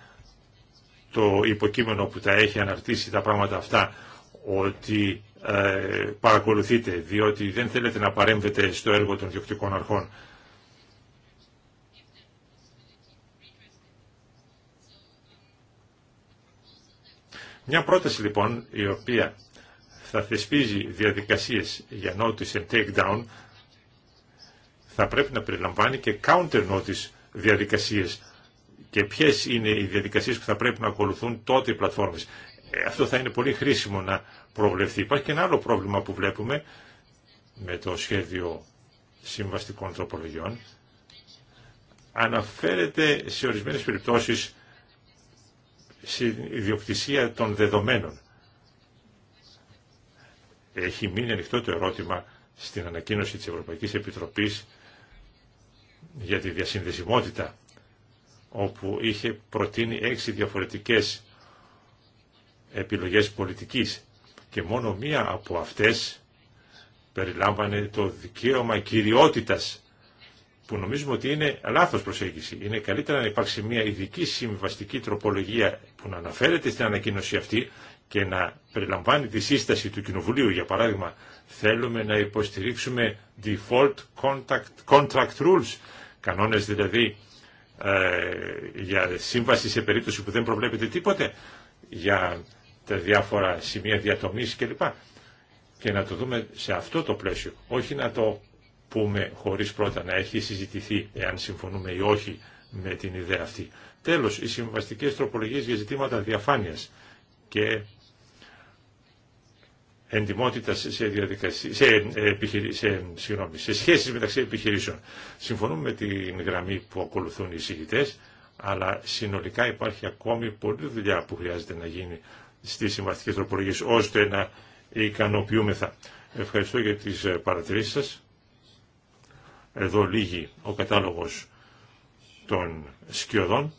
το υποκείμενο που τα έχει αναρτήσει τα πράγματα αυτά ότι ε, παρακολουθείτε διότι δεν θέλετε να παρέμβετε στο έργο των διοκτικών αρχών. Μια πρόταση λοιπόν η οποία θα θεσπίζει διαδικασίες για notice and take down θα πρέπει να περιλαμβάνει και counter notice διαδικασίες και ποιες είναι οι διαδικασίες που θα πρέπει να ακολουθούν τότε οι πλατφόρμες. Ε, αυτό θα είναι πολύ χρήσιμο να προβλεφθεί. Υπάρχει και ένα άλλο πρόβλημα που βλέπουμε με το σχέδιο συμβαστικών τροπολογιών. Αναφέρεται σε ορισμένες περιπτώσεις ιδιοκτησία των δεδομένων. Έχει μείνει ανοιχτό το ερώτημα στην ανακοίνωση της Ευρωπαϊκής Επιτροπής για τη διασυνδεσιμότητα, όπου είχε προτείνει έξι διαφορετικές επιλογές πολιτικής και μόνο μία από αυτές περιλάμβανε το δικαίωμα κυριότητας που νομίζουμε ότι είναι λάθος προσέγγιση. Είναι καλύτερα να υπάρξει μια ειδική συμβαστική τροπολογία που να αναφέρεται στην ανακοίνωση αυτή και να περιλαμβάνει τη σύσταση του Κοινοβουλίου. Για παράδειγμα, θέλουμε να υποστηρίξουμε default contact, contract rules, κανόνες δηλαδή ε, για σύμβαση σε περίπτωση που δεν προβλέπεται τίποτε, για τα διάφορα σημεία διατομής κλπ. Και να το δούμε σε αυτό το πλαίσιο, όχι να το πούμε χωρίς πρώτα να έχει συζητηθεί εάν συμφωνούμε ή όχι με την ιδέα αυτή. Τέλος, οι συμβαστικές τροπολογίες για ζητήματα διαφάνειας και εντιμότητα σε, διαδικασία, σε, ε, σε, σε σχέσεις μεταξύ επιχειρήσεων. Συμφωνούμε με την γραμμή που ακολουθούν οι συγητές, αλλά συνολικά υπάρχει ακόμη πολλή δουλειά που χρειάζεται να γίνει στις συμβαστικές τροπολογίες, ώστε να ικανοποιούμεθα. Ευχαριστώ για τις ε, παρατηρήσεις σας. Εδώ λίγη ο κατάλογος των σκιωδών.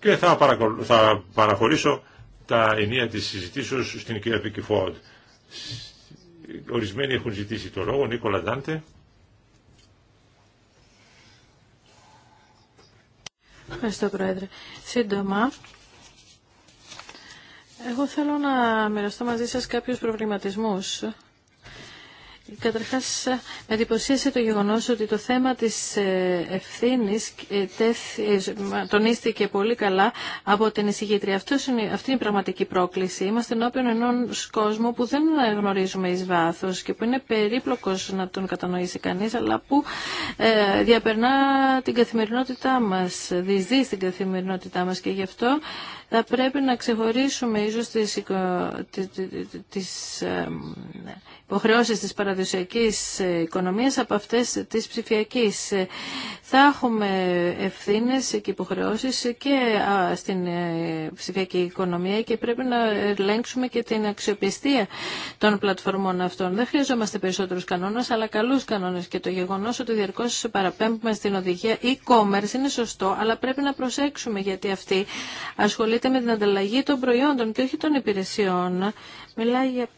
Και θα, θα παραχωρήσω τα ενία της συζητήσεως στην κυρία Πίκη Φόρντ. Ορισμένοι έχουν ζητήσει το λόγο. Νίκολα Ντάντε.
Ευχαριστώ, Πρόεδρε. Σύντομα, εγώ θέλω να μοιραστώ μαζί σας κάποιους προβληματισμούς Καταρχάς, με εντυπωσίασε το γεγονός ότι το θέμα της ε, ευθύνης ε, ε, τονίστηκε πολύ καλά από την εισηγήτρια. αυτή είναι η πραγματική πρόκληση. Είμαστε ενώπιον ενός κόσμου που δεν γνωρίζουμε εις βάθος και που είναι περίπλοκος να τον κατανοήσει κανείς, αλλά που διαπερνά την καθημερινότητά μας, διεισδύει στην καθημερινότητά μας και γι' αυτό θα πρέπει να ξεχωρίσουμε ίσως τις, υποχρεώσει τη παραδοσιακή ε, οικονομία από αυτέ τη ψηφιακή. Ε, θα έχουμε ευθύνε και υποχρεώσει και στην ε, ψηφιακή οικονομία και πρέπει να ελέγξουμε και την αξιοπιστία των πλατφορμών αυτών. Δεν χρειαζόμαστε περισσότερου κανόνε, αλλά καλού κανόνε Και το γεγονό ότι διαρκώ παραπέμπουμε στην οδηγία e-commerce είναι σωστό, αλλά πρέπει να προσέξουμε γιατί αυτή ασχολείται με την ανταλλαγή των προϊόντων και όχι των υπηρεσιών. Μιλάει για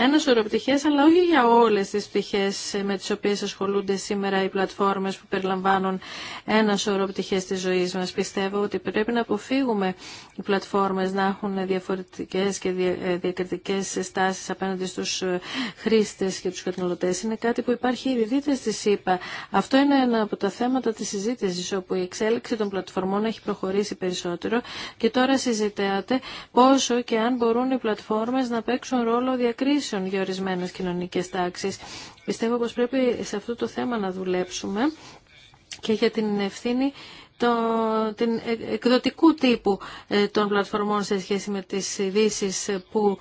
ένα σωρό πτυχέ, αλλά όχι για όλε τι πτυχέ με τι οποίε ασχολούνται σήμερα οι πλατφόρμες που περιλαμβάνουν ένα σωρό πτυχέ τη ζωή μας. Πιστεύω ότι πρέπει να αποφύγουμε οι πλατφόρμες να έχουν διαφορετικέ και ε, διακριτικέ στάσει απέναντι στους ε, χρήστε και του κατανολωτέ. Είναι κάτι που υπάρχει ήδη. Δείτε στη ΣΥΠΑ. Αυτό είναι ένα από τα θέματα τη συζήτηση, όπου η εξέλιξη των πλατφορμών έχει προχωρήσει περισσότερο και τώρα συζητάτε πόσο και αν μπορούν οι πλατφόρμε να παίξουν ρόλο διακρίσεων για ορισμένες κοινωνικές τάξεις. Πιστεύω πως πρέπει σε αυτό το θέμα να δουλέψουμε και για την ευθύνη το, την ε, εκδοτικού τύπου ε, των πλατφορμών σε σχέση με τις ειδήσει που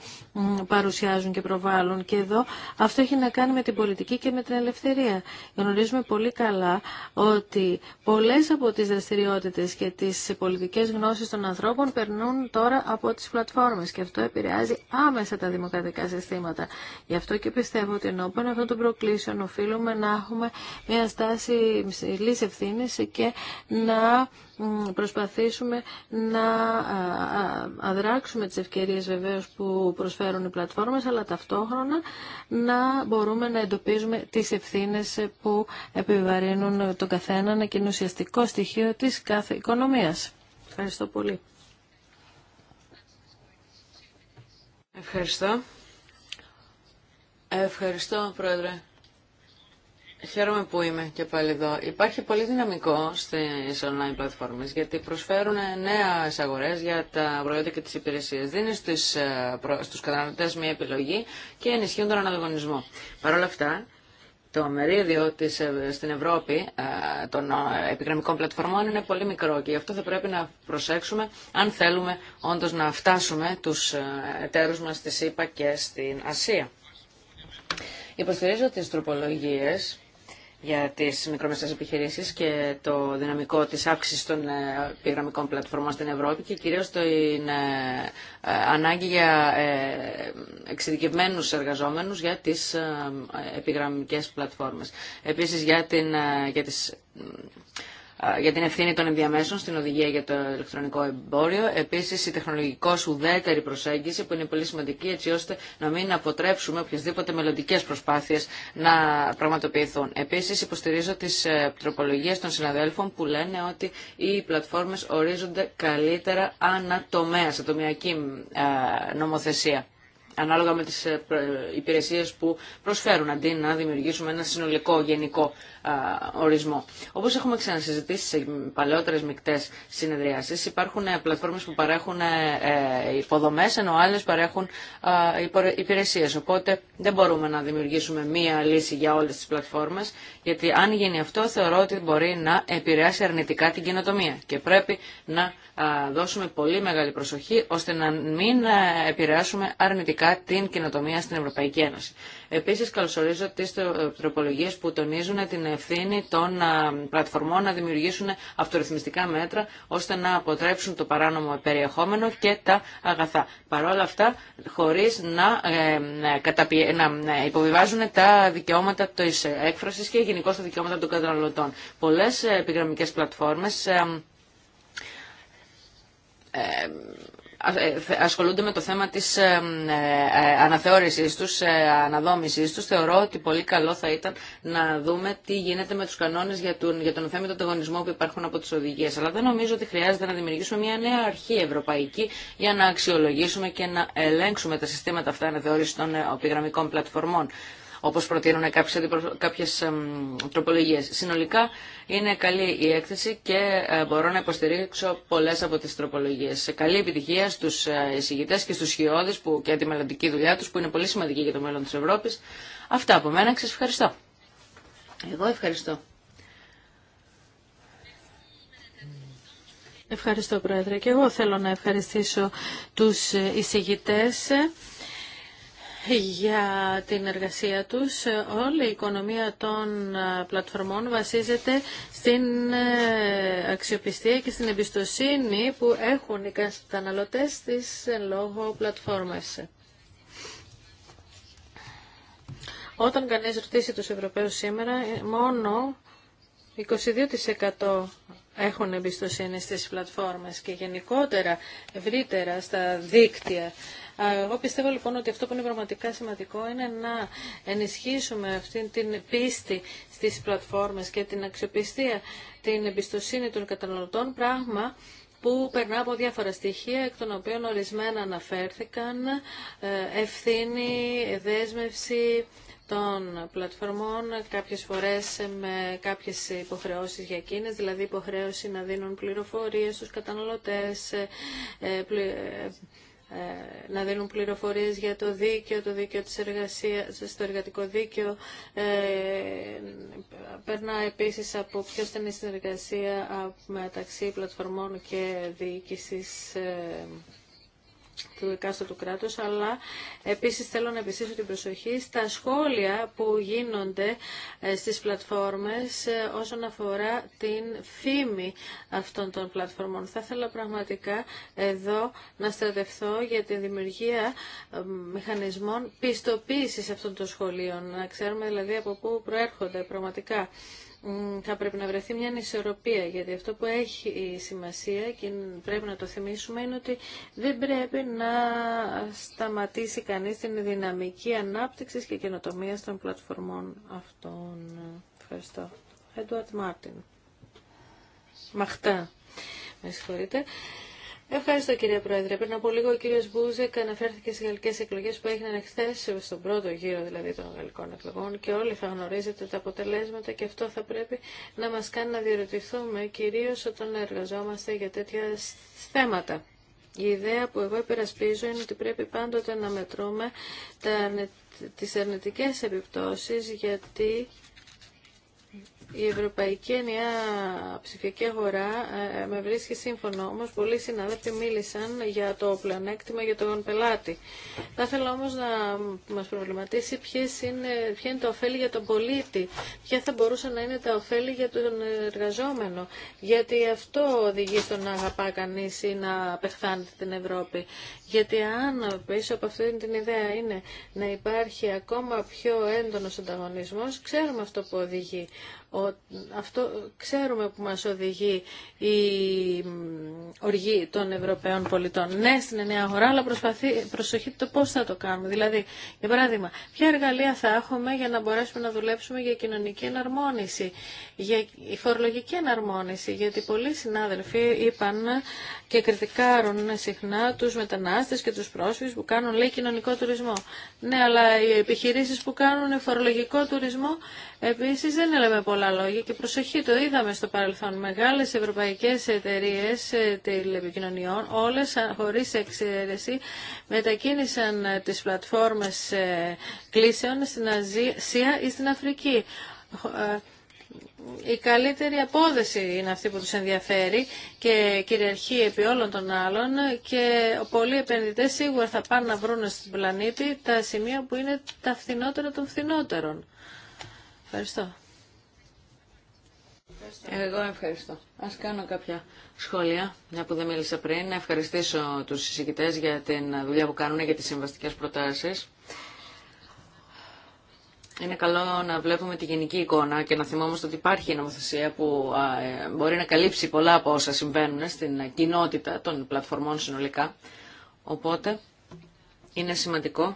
παρουσιάζουν και προβάλλουν και εδώ. Αυτό έχει να κάνει με την πολιτική και με την ελευθερία. Γνωρίζουμε πολύ καλά ότι πολλές από τις δραστηριότητες και τις πολιτικές γνώσεις των ανθρώπων περνούν τώρα από τις πλατφόρμες και αυτό επηρεάζει άμεσα τα δημοκρατικά συστήματα. Γι' αυτό και πιστεύω ότι ενώπιον αυτών των προκλήσεων οφείλουμε να έχουμε μια στάση υψηλής ευθύνη και να προσπαθήσουμε να αδράξουμε τις ευκαιρίες βεβαίως που προσφέρουν οι πλατφόρμες, αλλά ταυτόχρονα να μπορούμε να εντοπίζουμε τις ευθύνες που επιβαρύνουν τον καθένα και είναι ουσιαστικό στοιχείο της κάθε οικονομίας. Ευχαριστώ πολύ.
Ευχαριστώ. Ευχαριστώ, Πρόεδρε. Χαίρομαι που είμαι και πάλι εδώ. Υπάρχει πολύ δυναμικό στις online πλατφόρμες γιατί προσφέρουν νέες αγορές για τα προϊόντα και τις υπηρεσίες. Δίνει στους, ε, στους καταναλωτές μια επιλογή και ενισχύουν τον ανταγωνισμό. Παρ' όλα αυτά, το μερίδιο της, ε, στην Ευρώπη ε, των επιγραμμικών πλατφορμών είναι πολύ μικρό και γι' αυτό θα πρέπει να προσέξουμε αν θέλουμε όντω να φτάσουμε τους εταίρους μας στη ΣΥΠΑ και στην Ασία. Υποστηρίζω τι τροπολογίε για τις μικρομεσαίες επιχειρήσεις και το δυναμικό της αύξησης των ε, επιγραμμικών πλατφορμών στην Ευρώπη και κυρίως την ε, ε, ανάγκη για εξειδικευμένους εργαζόμενους για τις επιγραμμικές πλατφόρμες. Επίσης για, την, για τις για την ευθύνη των ενδιαμέσων στην οδηγία για το ηλεκτρονικό εμπόριο. Επίση, η τεχνολογικώ ουδέτερη προσέγγιση που είναι πολύ σημαντική έτσι ώστε να μην αποτρέψουμε οποιασδήποτε μελλοντικέ προσπάθειε να πραγματοποιηθούν. Επίση, υποστηρίζω τι ε, τροπολογίε των συναδέλφων που λένε ότι οι πλατφόρμε ορίζονται καλύτερα ανατομέα, σε τομιακή ε, νομοθεσία ανάλογα με τις ε, υπηρεσίες που προσφέρουν, αντί να δημιουργήσουμε ένα συνολικό γενικό ορισμό. Όπως έχουμε ξανασυζητήσει σε παλαιότερες μεικτές συνεδριάσεις, υπάρχουν ε, πλατφόρμες που παρέχουν ε, ε, υποδομές, ενώ άλλες παρέχουν υπηρεσίες. Οπότε δεν μπορούμε να δημιουργήσουμε μία λύση για όλες τις πλατφόρμες, γιατί αν γίνει αυτό θεωρώ ότι μπορεί να επηρεάσει αρνητικά την κοινοτομία και πρέπει να δώσουμε πολύ μεγάλη προσοχή ώστε να μην επηρεάσουμε αρνητικά την κοινοτομία στην Ευρωπαϊκή Ένωση. Επίσης καλωσορίζω τις ε, τροπολογίες που τονίζουν την ευθύνη των ε, πλατφορμών να δημιουργήσουν αυτορυθμιστικά μέτρα ώστε να αποτρέψουν το παράνομο περιεχόμενο και τα αγαθά. Παρόλα αυτά χωρίς να, ε, να υποβιβάζουν τα δικαιώματα της έκφρασης και γενικώ τα δικαιώματα των καταναλωτών. Πολλές επιγραμμικές πλατφόρμες ε, ε, ασχολούνται με το θέμα της ε, ε, αναθεώρησής τους, αναδόμησής τους. Θεωρώ ότι πολύ καλό θα ήταν να δούμε τι γίνεται με τους κανόνες για τον, για τον θέμα του ανταγωνισμού που υπάρχουν από τις οδηγίες. Αλλά δεν νομίζω ότι χρειάζεται να δημιουργήσουμε μια νέα αρχή ευρωπαϊκή για να αξιολογήσουμε και να ελέγξουμε τα συστήματα αυτά αναθεώρησης των επιγραμμικών πλατφορμών όπως προτείνουν κάποιες, κάποιες τροπολογίες. Συνολικά είναι καλή η έκθεση και ε, μπορώ να υποστηρίξω πολλές από τις τροπολογίες. Καλή επιτυχία στους ε, εισηγητές και στους χειώδες που, και τη μελλοντική δουλειά τους που είναι πολύ σημαντική για το μέλλον της Ευρώπης. Αυτά από μένα.
Σας ευχαριστώ. Εγώ ευχαριστώ. Ευχαριστώ Πρόεδρε και εγώ θέλω να ευχαριστήσω τους ε, εισηγητές για την εργασία τους. Όλη η οικονομία των ε, πλατφορμών βασίζεται στην ε, αξιοπιστία και στην εμπιστοσύνη που έχουν οι καταναλωτές της ε, λόγω πλατφόρμας. Όταν κανείς ρωτήσει τους Ευρωπαίους σήμερα, μόνο 22% έχουν εμπιστοσύνη στις πλατφόρμες και γενικότερα ευρύτερα στα δίκτυα εγώ πιστεύω λοιπόν ότι αυτό που είναι πραγματικά σημαντικό είναι να ενισχύσουμε αυτή την πίστη στις πλατφόρμες και την αξιοπιστία, την εμπιστοσύνη των καταναλωτών, πράγμα που περνά από διάφορα στοιχεία, εκ των οποίων ορισμένα αναφέρθηκαν, ε, ευθύνη, δέσμευση, των πλατφορμών, κάποιες φορές με κάποιες υποχρεώσεις για εκείνες, δηλαδή υποχρέωση να δίνουν πληροφορίες στους καταναλωτές, ε, ε, ε, να δίνουν πληροφορίες για το δίκαιο, το δίκαιο της εργασίας, στο εργατικό δίκαιο. Ε, περνά επίσης από πιο στενή συνεργασία μεταξύ πλατφορμών και διοίκησης ε, του εκάστοτου κράτους, αλλά επίσης θέλω να επιστήσω την προσοχή στα σχόλια που γίνονται ε, στις πλατφόρμες ε, όσον αφορά την φήμη αυτών των πλατφορμών. Θα ήθελα πραγματικά εδώ να στρατευθώ για τη δημιουργία ε, μηχανισμών πιστοποίησης αυτών των σχολείων, να ξέρουμε δηλαδή από πού προέρχονται πραγματικά θα πρέπει να βρεθεί μια ανισορροπία, γιατί αυτό που έχει σημασία και πρέπει να το θυμίσουμε είναι ότι δεν πρέπει να σταματήσει κανείς την δυναμική ανάπτυξη και καινοτομία των πλατφορμών αυτών. Ευχαριστώ. Εντουάρτ Μάρτιν. Μαχτά. Με συγχωρείτε. Ευχαριστώ κύριε Πρόεδρε. Πριν από λίγο ο κύριο Μπούζεκ αναφέρθηκε στι γαλλικέ εκλογέ που έγιναν χθε, στον πρώτο γύρο δηλαδή των γαλλικών εκλογών και όλοι θα γνωρίζετε τα αποτελέσματα και αυτό θα πρέπει να μα κάνει να διερωτηθούμε κυρίω όταν εργαζόμαστε για τέτοια θέματα. Η ιδέα που εγώ υπερασπίζω είναι ότι πρέπει πάντοτε να μετρούμε τις αρνητικές επιπτώσεις γιατί η Ευρωπαϊκή Ενιαία Ψηφιακή Αγορά ε, ε, με βρίσκει σύμφωνο, Όμω, πολλοί συνάδελφοι μίλησαν για το πλεονέκτημα για τον πελάτη. Θα ήθελα όμω να μα προβληματίσει είναι, ποια είναι τα ωφέλη για τον πολίτη, ποια θα μπορούσαν να είναι τα ωφέλη για τον εργαζόμενο, γιατί αυτό οδηγεί στο να αγαπά κανεί ή να απεχθάνεται την Ευρώπη. Γιατί αν πίσω από αυτή την ιδέα είναι να υπάρχει ακόμα πιο έντονο ανταγωνισμό, ξέρουμε αυτό που οδηγεί αυτό ξέρουμε που μας οδηγεί η οργή των Ευρωπαίων πολιτών. Ναι, στην νέα αγορά, αλλά προσπαθεί, προσοχή το πώς θα το κάνουμε. Δηλαδή, για παράδειγμα, ποια εργαλεία θα έχουμε για να μπορέσουμε να δουλέψουμε για κοινωνική εναρμόνιση, για φορολογική εναρμόνιση, γιατί πολλοί συνάδελφοι είπαν και κριτικάρουν συχνά τους μετανάστες και τους πρόσφυγες που κάνουν, λέει, κοινωνικό τουρισμό. Ναι, αλλά οι επιχειρήσεις που κάνουν φορολογικό τουρισμό, επίσης δεν έλαβε πολλά λόγια και προσοχή, το είδαμε στο παρελθόν. Μεγάλες ευρωπαϊκές εταιρείε ε, τηλεπικοινωνιών, όλες χωρίς εξαίρεση, μετακίνησαν ε, τις πλατφόρμες ε, κλήσεων στην Ασία ή στην Αφρική. Η καλύτερη απόδεση είναι αυτή που τους ενδιαφέρει και κυριαρχεί επί όλων των άλλων και πολλοί επενδυτές σίγουρα θα πάνε να βρουν στην πλανήτη τα σημεία που είναι τα φθηνότερα των φθηνότερων. Ευχαριστώ.
Εγώ ευχαριστώ. Ας κάνω κάποια σχόλια, μια που δεν μίλησα πριν. Να ευχαριστήσω τους συζητητές για την δουλειά που κάνουν για τις συμβαστικές προτάσεις. Είναι καλό να βλέπουμε τη γενική εικόνα και να θυμόμαστε ότι υπάρχει η νομοθεσία που ε, μπορεί να καλύψει πολλά από όσα συμβαίνουν στην κοινότητα των πλατφορμών συνολικά. Οπότε είναι σημαντικό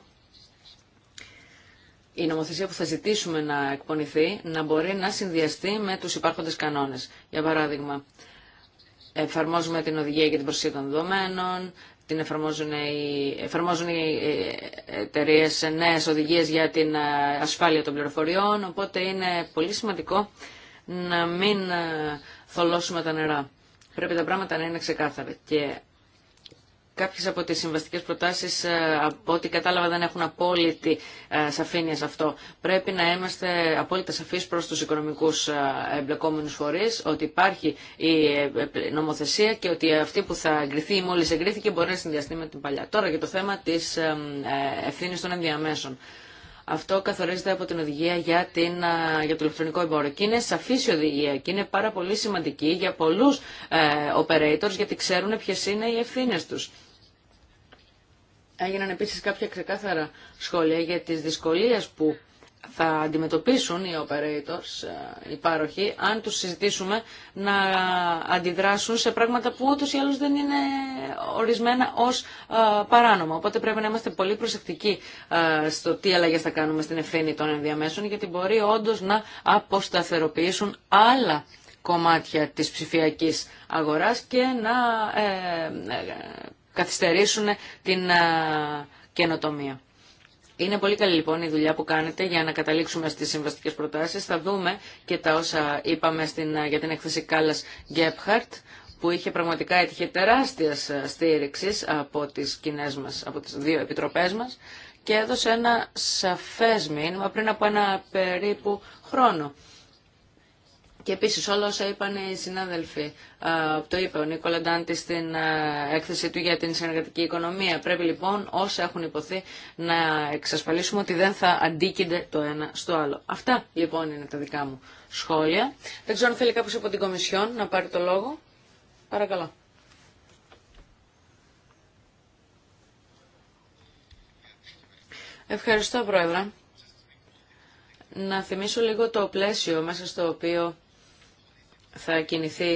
η νομοθεσία που θα ζητήσουμε να εκπονηθεί να μπορεί να συνδυαστεί με τους υπάρχοντες κανόνες. Για παράδειγμα, εφαρμόζουμε την οδηγία για την προσοχή των δεδομένων, την εφαρμόζουν οι, εφαρμόζουν οι ε, εταιρείε νέε οδηγίε για την ε, ασφάλεια των πληροφοριών. Οπότε είναι πολύ σημαντικό να μην ε, θολώσουμε τα νερά. Πρέπει τα πράγματα να είναι ξεκάθαρα. Και Κάποιες από τις συμβαστικές προτάσεις, ε, από ό,τι κατάλαβα, δεν έχουν απόλυτη ε, σαφήνεια σε αυτό. Πρέπει να είμαστε απόλυτα σαφείς προς τους οικονομικούς ε, εμπλεκόμενους φορείς, ότι υπάρχει η νομοθεσία και ότι αυτή που θα εγκριθεί ή μόλις εγκρίθηκε μπορεί να συνδυαστεί με την παλιά. Τώρα για το θέμα της ευθύνης των ενδιαμέσων. Αυτό καθορίζεται από την οδηγία για, την, για το ηλεκτρονικό εμπόριο. Και είναι σαφή η οδηγία και είναι πάρα πολύ σημαντική για πολλούς ε, operators γιατί ξέρουν ποιε είναι οι ευθύνε τους. Έγιναν επίσης κάποια ξεκάθαρα σχόλια για τις δυσκολίες που θα αντιμετωπίσουν οι operators, ε, οι πάροχοι, αν τους συζητήσουμε να αντιδράσουν σε πράγματα που ούτως ή άλλως δεν είναι ορισμένα ως ε, παράνομα. Οπότε πρέπει να είμαστε πολύ προσεκτικοί ε, στο τι αλλαγέ θα κάνουμε στην ευθύνη των ενδιαμέσων, γιατί μπορεί όντως να αποσταθεροποιήσουν άλλα κομμάτια της ψηφιακής αγοράς και να καθυστερήσουν την καινοτομία. Είναι πολύ καλή λοιπόν η δουλειά που κάνετε για να καταλήξουμε στις συμβαστικές προτάσεις. Θα δούμε και τα όσα είπαμε στην, για την έκθεση Κάλλας Γκέπχαρτ που είχε πραγματικά έτυχε τεράστια στήριξη από τις από τις δύο επιτροπές μας και έδωσε ένα σαφές μήνυμα πριν από ένα περίπου χρόνο. Και επίση όλα όσα είπαν οι συνάδελφοι, το είπε ο Νίκολα Ντάντη στην έκθεση του για την συνεργατική οικονομία. Πρέπει λοιπόν όσα έχουν υποθεί να εξασφαλίσουμε ότι δεν θα αντίκεινται το ένα στο άλλο. Αυτά λοιπόν είναι τα δικά μου σχόλια. Δεν ξέρω αν θέλει κάποιο από την Κομισιόν να πάρει το λόγο. Παρακαλώ. Ευχαριστώ Πρόεδρε. Να θυμίσω λίγο το πλαίσιο μέσα στο οποίο θα κινηθεί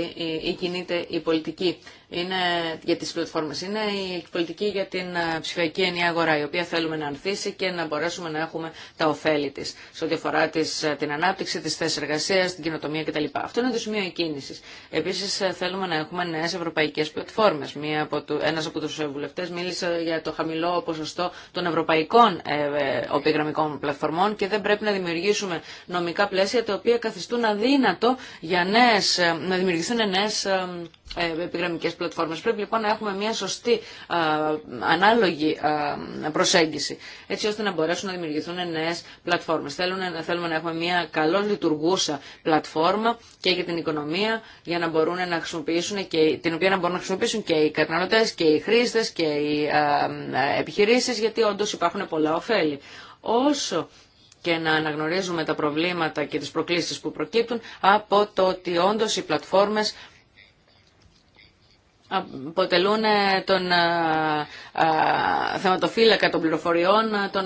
ή κινείται η πολιτική είναι, για τις πλατφόρμες είναι η πολιτική για την ε, ψηφιακή ενιαία αγορά, η οποία θέλουμε να ανθίσει και να μπορέσουμε να έχουμε τα ωφέλη της, σε ό,τι αφορά ε, την ανάπτυξη, τις θέσεις εργασίας, την κοινοτομία κτλ. Αυτό είναι το σημείο εκκίνησης. Επίσης ε, θέλουμε να έχουμε νέες ευρωπαϊκές πλατφόρμες. Μία από του, ένας από τους βουλευτές μίλησε για το χαμηλό ποσοστό των ευρωπαϊκών ε, ε, πλατφορμών και δεν πρέπει να δημιουργήσουμε νομικά πλαίσια τα οποία καθιστούν αδύνατο για νέες, να δημιουργηθούν νέες ε, πλατφόρμες. Πρέπει λοιπόν να έχουμε μια σωστή ανάλογη προσέγγιση, έτσι ώστε να μπορέσουν να δημιουργηθούν νέες πλατφόρμες. Θέλουμε, θέλουμε να έχουμε μια καλώ λειτουργούσα πλατφόρμα και για την οικονομία, για να μπορούν να χρησιμοποιήσουν και, την οποία να μπορούν να χρησιμοποιήσουν και οι καταναλωτέ και οι χρήστε και οι επιχειρήσεις, γιατί όντως υπάρχουν πολλά ωφέλη. Όσο και να αναγνωρίζουμε τα προβλήματα και τις προκλήσεις που προκύπτουν από το ότι όντως οι πλατφόρμες αποτελούν ε, τον ε, ε, θεματοφύλακα των πληροφοριών των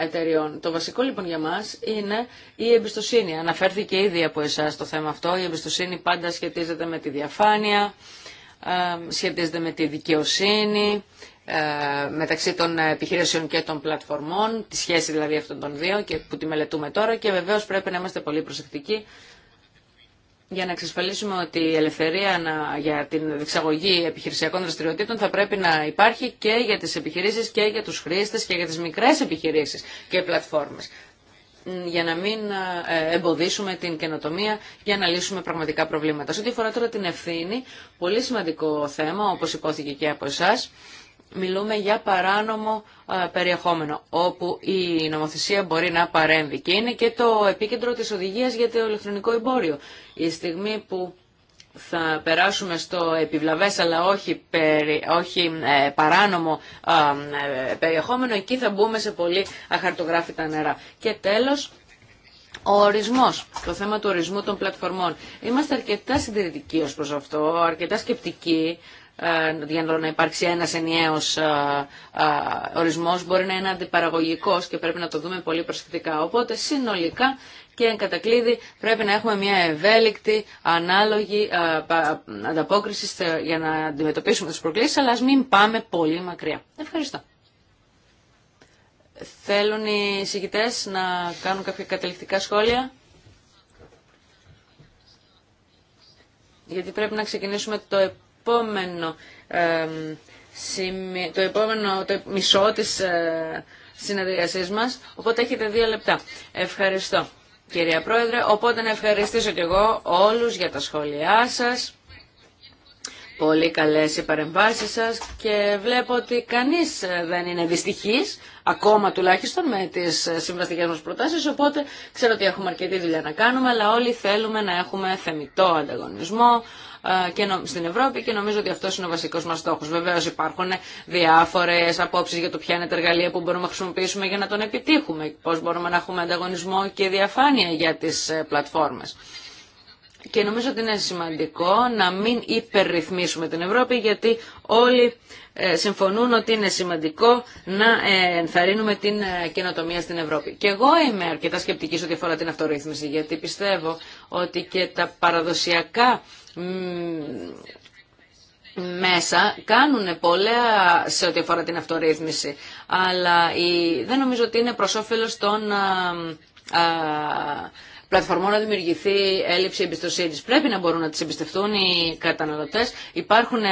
εταιριών. Το βασικό λοιπόν για μας είναι η εμπιστοσύνη. Αναφέρθηκε ήδη από εσάς το θέμα αυτό. Η εμπιστοσύνη πάντα σχετίζεται με τη διαφάνεια, σχετίζεται με τη δικαιοσύνη μεταξύ των επιχειρήσεων και των πλατφορμών, τη σχέση δηλαδή αυτών των δύο και που τη μελετούμε τώρα και βεβαίως πρέπει να είμαστε πολύ προσεκτικοί για να εξασφαλίσουμε ότι η ελευθερία για την εξαγωγή επιχειρησιακών δραστηριοτήτων θα πρέπει να υπάρχει και για τις επιχειρήσεις και για τους χρήστες και για τις μικρές επιχειρήσεις και πλατφόρμες για να μην ε, εμποδίσουμε την καινοτομία, για να λύσουμε πραγματικά προβλήματα. Σε ό,τι αφορά τώρα την ευθύνη, πολύ σημαντικό θέμα, όπως υπόθηκε και από εσάς, μιλούμε για παράνομο περιεχόμενο, όπου η νομοθεσία μπορεί να παρέμβει. Και είναι και το επίκεντρο της οδηγίας για το ηλεκτρονικό εμπόριο. Η στιγμή που θα περάσουμε στο επιβλαβές αλλά όχι, ε, παράνομο ε, περιεχόμενο, εκεί θα μπούμε σε πολύ αχαρτογράφητα νερά. Και τέλος, ο ορισμός, το θέμα του ορισμού των πλατφορμών. Είμαστε αρκετά συντηρητικοί ως προς αυτό, αρκετά σκεπτικοί ε, για να υπάρξει ένας ενιαίος ε, ε, ορισμός μπορεί να είναι αντιπαραγωγικός και πρέπει να το δούμε πολύ προσεκτικά. Οπότε συνολικά και εν κατακλείδη πρέπει να έχουμε μια ευέλικτη, ανάλογη ανταπόκριση για να αντιμετωπίσουμε τις προκλήσεις, αλλά ας μην πάμε πολύ μακριά. Ευχαριστώ. Θέλουν οι συγκητές να κάνουν κάποια καταληκτικά σχόλια. Γιατί πρέπει να ξεκινήσουμε το επόμενο, το επόμενο το μισό της ε, συνεδριασής μας, οπότε έχετε δύο λεπτά. Ευχαριστώ κυρία Πρόεδρε, οπότε να ευχαριστήσω και εγώ όλους για τα σχόλιά σας. Πολύ καλές οι παρεμβάσεις σας και βλέπω ότι κανείς ε, δεν είναι δυστυχής, ακόμα τουλάχιστον με τις ε, συμβαστικές μας προτάσεις, οπότε ξέρω ότι έχουμε αρκετή δουλειά να κάνουμε, αλλά όλοι θέλουμε να έχουμε θεμητό ανταγωνισμό, ε, στην Ευρώπη και νομίζω ότι αυτό είναι ο βασικό μα στόχο. Βεβαίω υπάρχουν διάφορε απόψει για το ποια είναι τα εργαλεία που μπορούμε να χρησιμοποιήσουμε για να τον επιτύχουμε, πώ μπορούμε να έχουμε ανταγωνισμό και διαφάνεια για τι ε, πλατφόρμε. Και νομίζω ότι είναι σημαντικό να μην υπερρυθμίσουμε την Ευρώπη γιατί όλοι ε, συμφωνούν ότι είναι σημαντικό να ενθαρρύνουμε την καινοτομία στην Ευρώπη. Και εγώ είμαι αρκετά σκεπτική ό,τι αφορά την αυτορύθμιση γιατί πιστεύω ότι και τα παραδοσιακά μέσα κάνουν πολλά σε ό,τι αφορά την αυτορύθμιση, αλλά η, δεν νομίζω ότι είναι προς όφελος των πλατφορμών να δημιουργηθεί έλλειψη εμπιστοσύνη. Πρέπει να μπορούν να τι εμπιστευτούν οι καταναλωτέ. Υπάρχουν ε,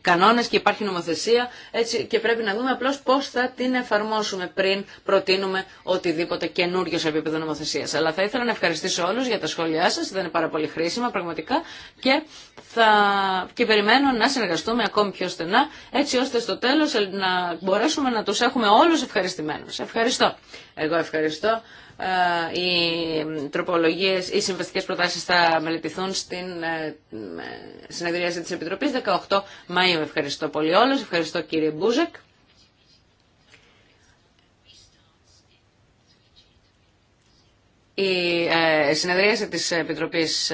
κανόνε και υπάρχει νομοθεσία έτσι, και πρέπει να δούμε απλώ πώ θα την εφαρμόσουμε πριν προτείνουμε οτιδήποτε καινούριο σε επίπεδο νομοθεσία. Αλλά θα ήθελα να ευχαριστήσω όλου για τα σχόλιά σα. Ήταν πάρα πολύ χρήσιμα πραγματικά και, θα... και περιμένω να συνεργαστούμε ακόμη πιο στενά έτσι ώστε στο τέλο να μπορέσουμε να του έχουμε όλου ευχαριστημένου. Ευχαριστώ. Εγώ ευχαριστώ. Ε, οι τροπολογίες, οι συμβαστικές προτάσεις θα μελετηθούν στην ε, συνεδρίαση της Επιτροπής 18 Μαΐου. Ευχαριστώ πολύ όλους, ευχαριστώ κύριε Μπούζεκ. Η ε, συνεδρίαση της Επιτροπής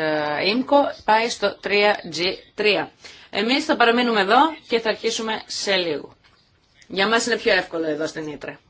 ΙΜΚΟ πάει στο 3G3. Εμείς θα παραμείνουμε εδώ και θα αρχίσουμε σε λίγο. Για μας είναι πιο εύκολο εδώ στην Ήτρα.